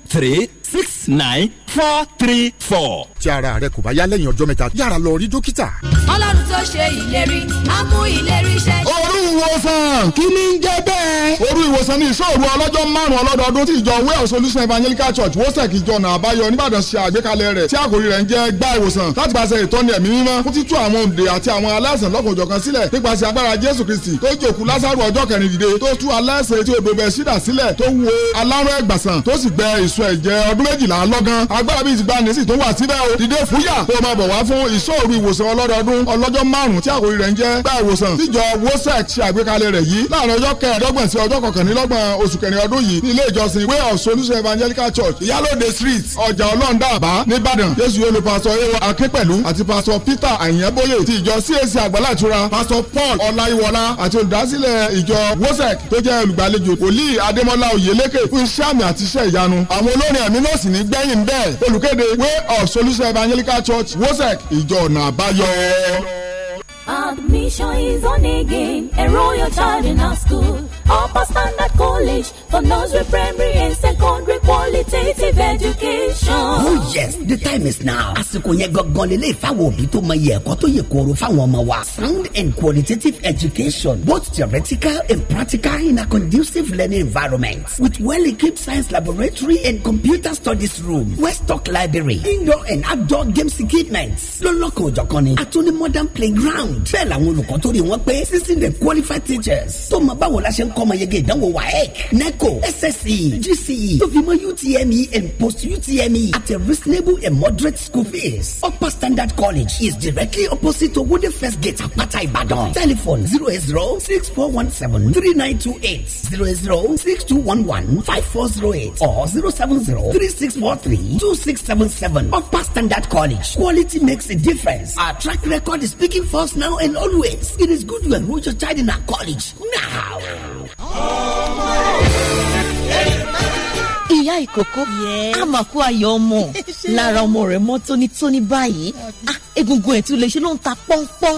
three six nine four three four. tí ara rẹ kò bá yá lẹ́yìn ọjọ́ mẹ́ta yára lọ rí dókítà. ọlọ́run tó ṣe ìlérí á mú ìlérí ṣẹ. òru ìwòsàn kí ni ń jẹ́ bẹ́ẹ̀. òru ìwòsàn ni ìṣòro ọlọ́jọ́ márùn-ún ọlọ́dọọdún tí ìjọ Way of Solution Evangelical Church wosek ìjọna àbáyọ nìbàdàn ṣe àgbékalẹ̀ rẹ̀ tí àkòrí rẹ̀ ń jẹ́ gbá ìwòsàn láti pàṣẹ ìtọ́ni ẹ̀mí mímọ́ fún títú àwọn òǹdè àti àwọn aláìsàn lọ́kànjọ̀kan sílẹ̀ nípasẹ̀ agbára Jésù Kristi tó jòkú Lásárù ọjọ́ kẹrìndínlẹ̀ tó tú aláìsàn etí odò bẹ̀ sídà sílẹ̀ tó wo alárùn ẹ̀gbàsàn tó sì gbẹ ìṣ aṣọ ẹ̀jẹ̀ ọdún méjìlá lọ́gán agbára bíi ìgbà nìsí tó wà síbẹ̀ o dìde fúyà kó o máa bọ̀ wá fún ìṣòro ìwòsàn ọlọ́dọọdún ọlọ́jọ́ márùn-ún tí àkórí rẹ̀ ń jẹ́ gba ìwòsàn tíjọ wosec ṣe àgbékalẹ̀ rẹ̀ yìí láàrin ọjọ́ kẹẹ̀ẹ́dọ́gbọ̀n sí ọjọ́ kọkànlélọ́gbọ̀n oṣù kẹrin ọdún yìí ní ilé ìjọsìn way of solution evangelical church ìyálòde street ọjà ọlọ́ndà àbá nìbàdàn jésù yóò lu pásọ ewa akínpẹ̀lú àti pásọ peter àyẹ̀bóyè ti ìjọ cac àgbàlátúra pásọ paul ọláyíwọlá àti olùdásílẹ̀ ìjọ wosec tó àwọn olórin ẹ̀mí náà sì ní gbẹ̀yìn bẹ́ẹ̀ olùkéde way of solution evangelical church wosek ìjọ ọ̀nà àbáyọ. Admission is on again. Enroll your child in our school. Upper Standard College for nursery, primary, and secondary qualitative education. Oh yes, the time is now. Àsìkò yẹn gangan lélẹ̀ ìfáwọ̀ òbí tó mọ iye ẹ̀kọ́ tó yẹ kóró fáwọn ọmọ wa. Sound and qualitative education, both theoretical and practical in a conducive learning environment with well-equipped science laboratory and computer studies room, Westock library, indoor and outdoor games equipment. Lọ́lọ́kan òjọ̀kan ni, àtúní modern playground márùn bẹ́ẹ̀ làwọn olùkọ́ tó rí wọn pé sixteen de qualified teachers tó mọ báwo la ṣe ń kọ́ ọmọ yege ìdánwò waec neco sse gce tó fi mọ utme and post utme at a reasonable and moderate school fees upper standard college is directly opposite to wode first gate apata ibadan telephone zero eight zero six four one seven three nine two eight zero eight zero six two one one five four zero eight or zero seven zero three six four three two six seven seven upper standard college quality makes a difference our track record is speaking for us now and always. It is good you enroll your child in our college now. Ìyá ìkókó, àmàkù ayọ̀ ọmọ, lára ọmọ rẹ̀ mọ́ tónítóní báyìí. Ah, egungun ẹ̀ tún lè ṣe ló ń ta pọ́npọ́n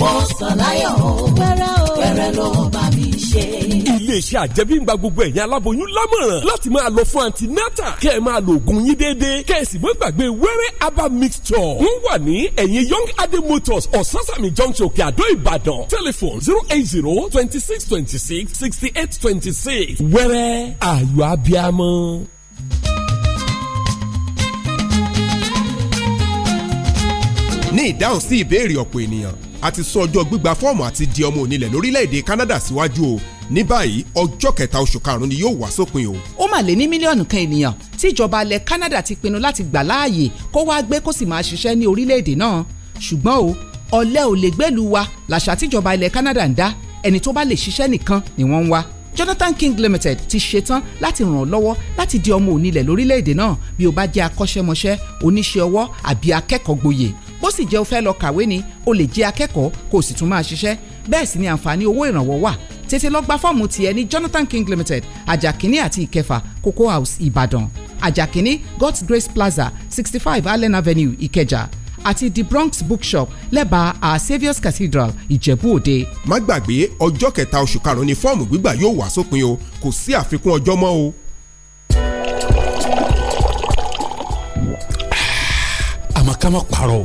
Bọ́sàláyọ̀ pẹ̀rẹ̀ o pẹ̀rẹ̀ ló bá mi ṣe. Iléeṣẹ́ àjẹmíngba gbogbo ẹ̀yin aláboyún lámọ̀ràn láti máa lọ fún antinata kẹ́ ẹ máa lo oògùn yín déédéé kẹ́ ẹ sì mọ́ gbàgbé wẹ́rẹ́ aba mixture. Wọ́n wà ní ẹ̀yìn Young Adé Motors Ososami Junction Òkè Àdó Ìbàdàn tẹlifon zero eight zero twenty six twenty six sixty eight twenty six wẹ́rẹ́ ayọ̀ abiamọ. ní ìdáhùn sí ìbéèrè ọ̀pọ̀ ènìyàn àti sún ọjọ́ gbígba fọ́ọ̀mù àti di ọmọ onílẹ̀ lórílẹ̀‐èdè Canada síwájú o ní báyìí ọjọ́ kẹta oṣù karùn-ún ni yóò wá sópin o. ó mà lé ní mílíọ̀nù kan ènìyàn tí ìjọba ilẹ̀ Canada ti pinnu láti gbà láàyè kó wáá gbé kó sì máa ṣiṣẹ́ ní orílẹ̀-èdè náà ṣùgbọ́n o ọ̀lẹ́ ò lè gbẹ́lu wa làṣà tíjọba ilẹ̀ Canada ń dá ẹni tó bá lè ṣiṣẹ́ nìkan ni wọ́n ń wá Jonathan King Limited ti ṣetán láti ràn ọ́ lọ́wọ́ láti di ọmọ onílẹ̀ lórílẹ̀‐èdè náà bí o bá jẹ́ akọ́ṣẹ́mọṣẹ́ oníṣẹ́ ọwọ́ àbí akẹ́kọ̀ọ́ gboyè bó sì jẹ́ o fẹ́ lọ kàwé ni o lè jẹ́ akẹ́kọ̀ọ́ kó o sì tún máa ṣiṣẹ́ bẹ́ẹ̀ sì ni àǹfààní owó ìrànwọ́ wà tètè lọ gba fọ́ọ̀mù tiẹ̀ ní Jonathan King Limited ajakini àti ìkẹfà Cocoa House Ìbàdàn ajakini God's Grace Plaza sixty five Allen Avenue Ìkẹjà àti the Bronx Bookshop lẹ́bàá Our Saviour's Cathedral Ìjẹ̀bú Òde. má gbàgbé ọjọ́ kẹta oṣù karùn-ún ni fọ́ọ̀mù gbígbà yóò wá sópin o kò sí àfikún ọjọ́ mọ́ o. àmọ́ ká má parọ́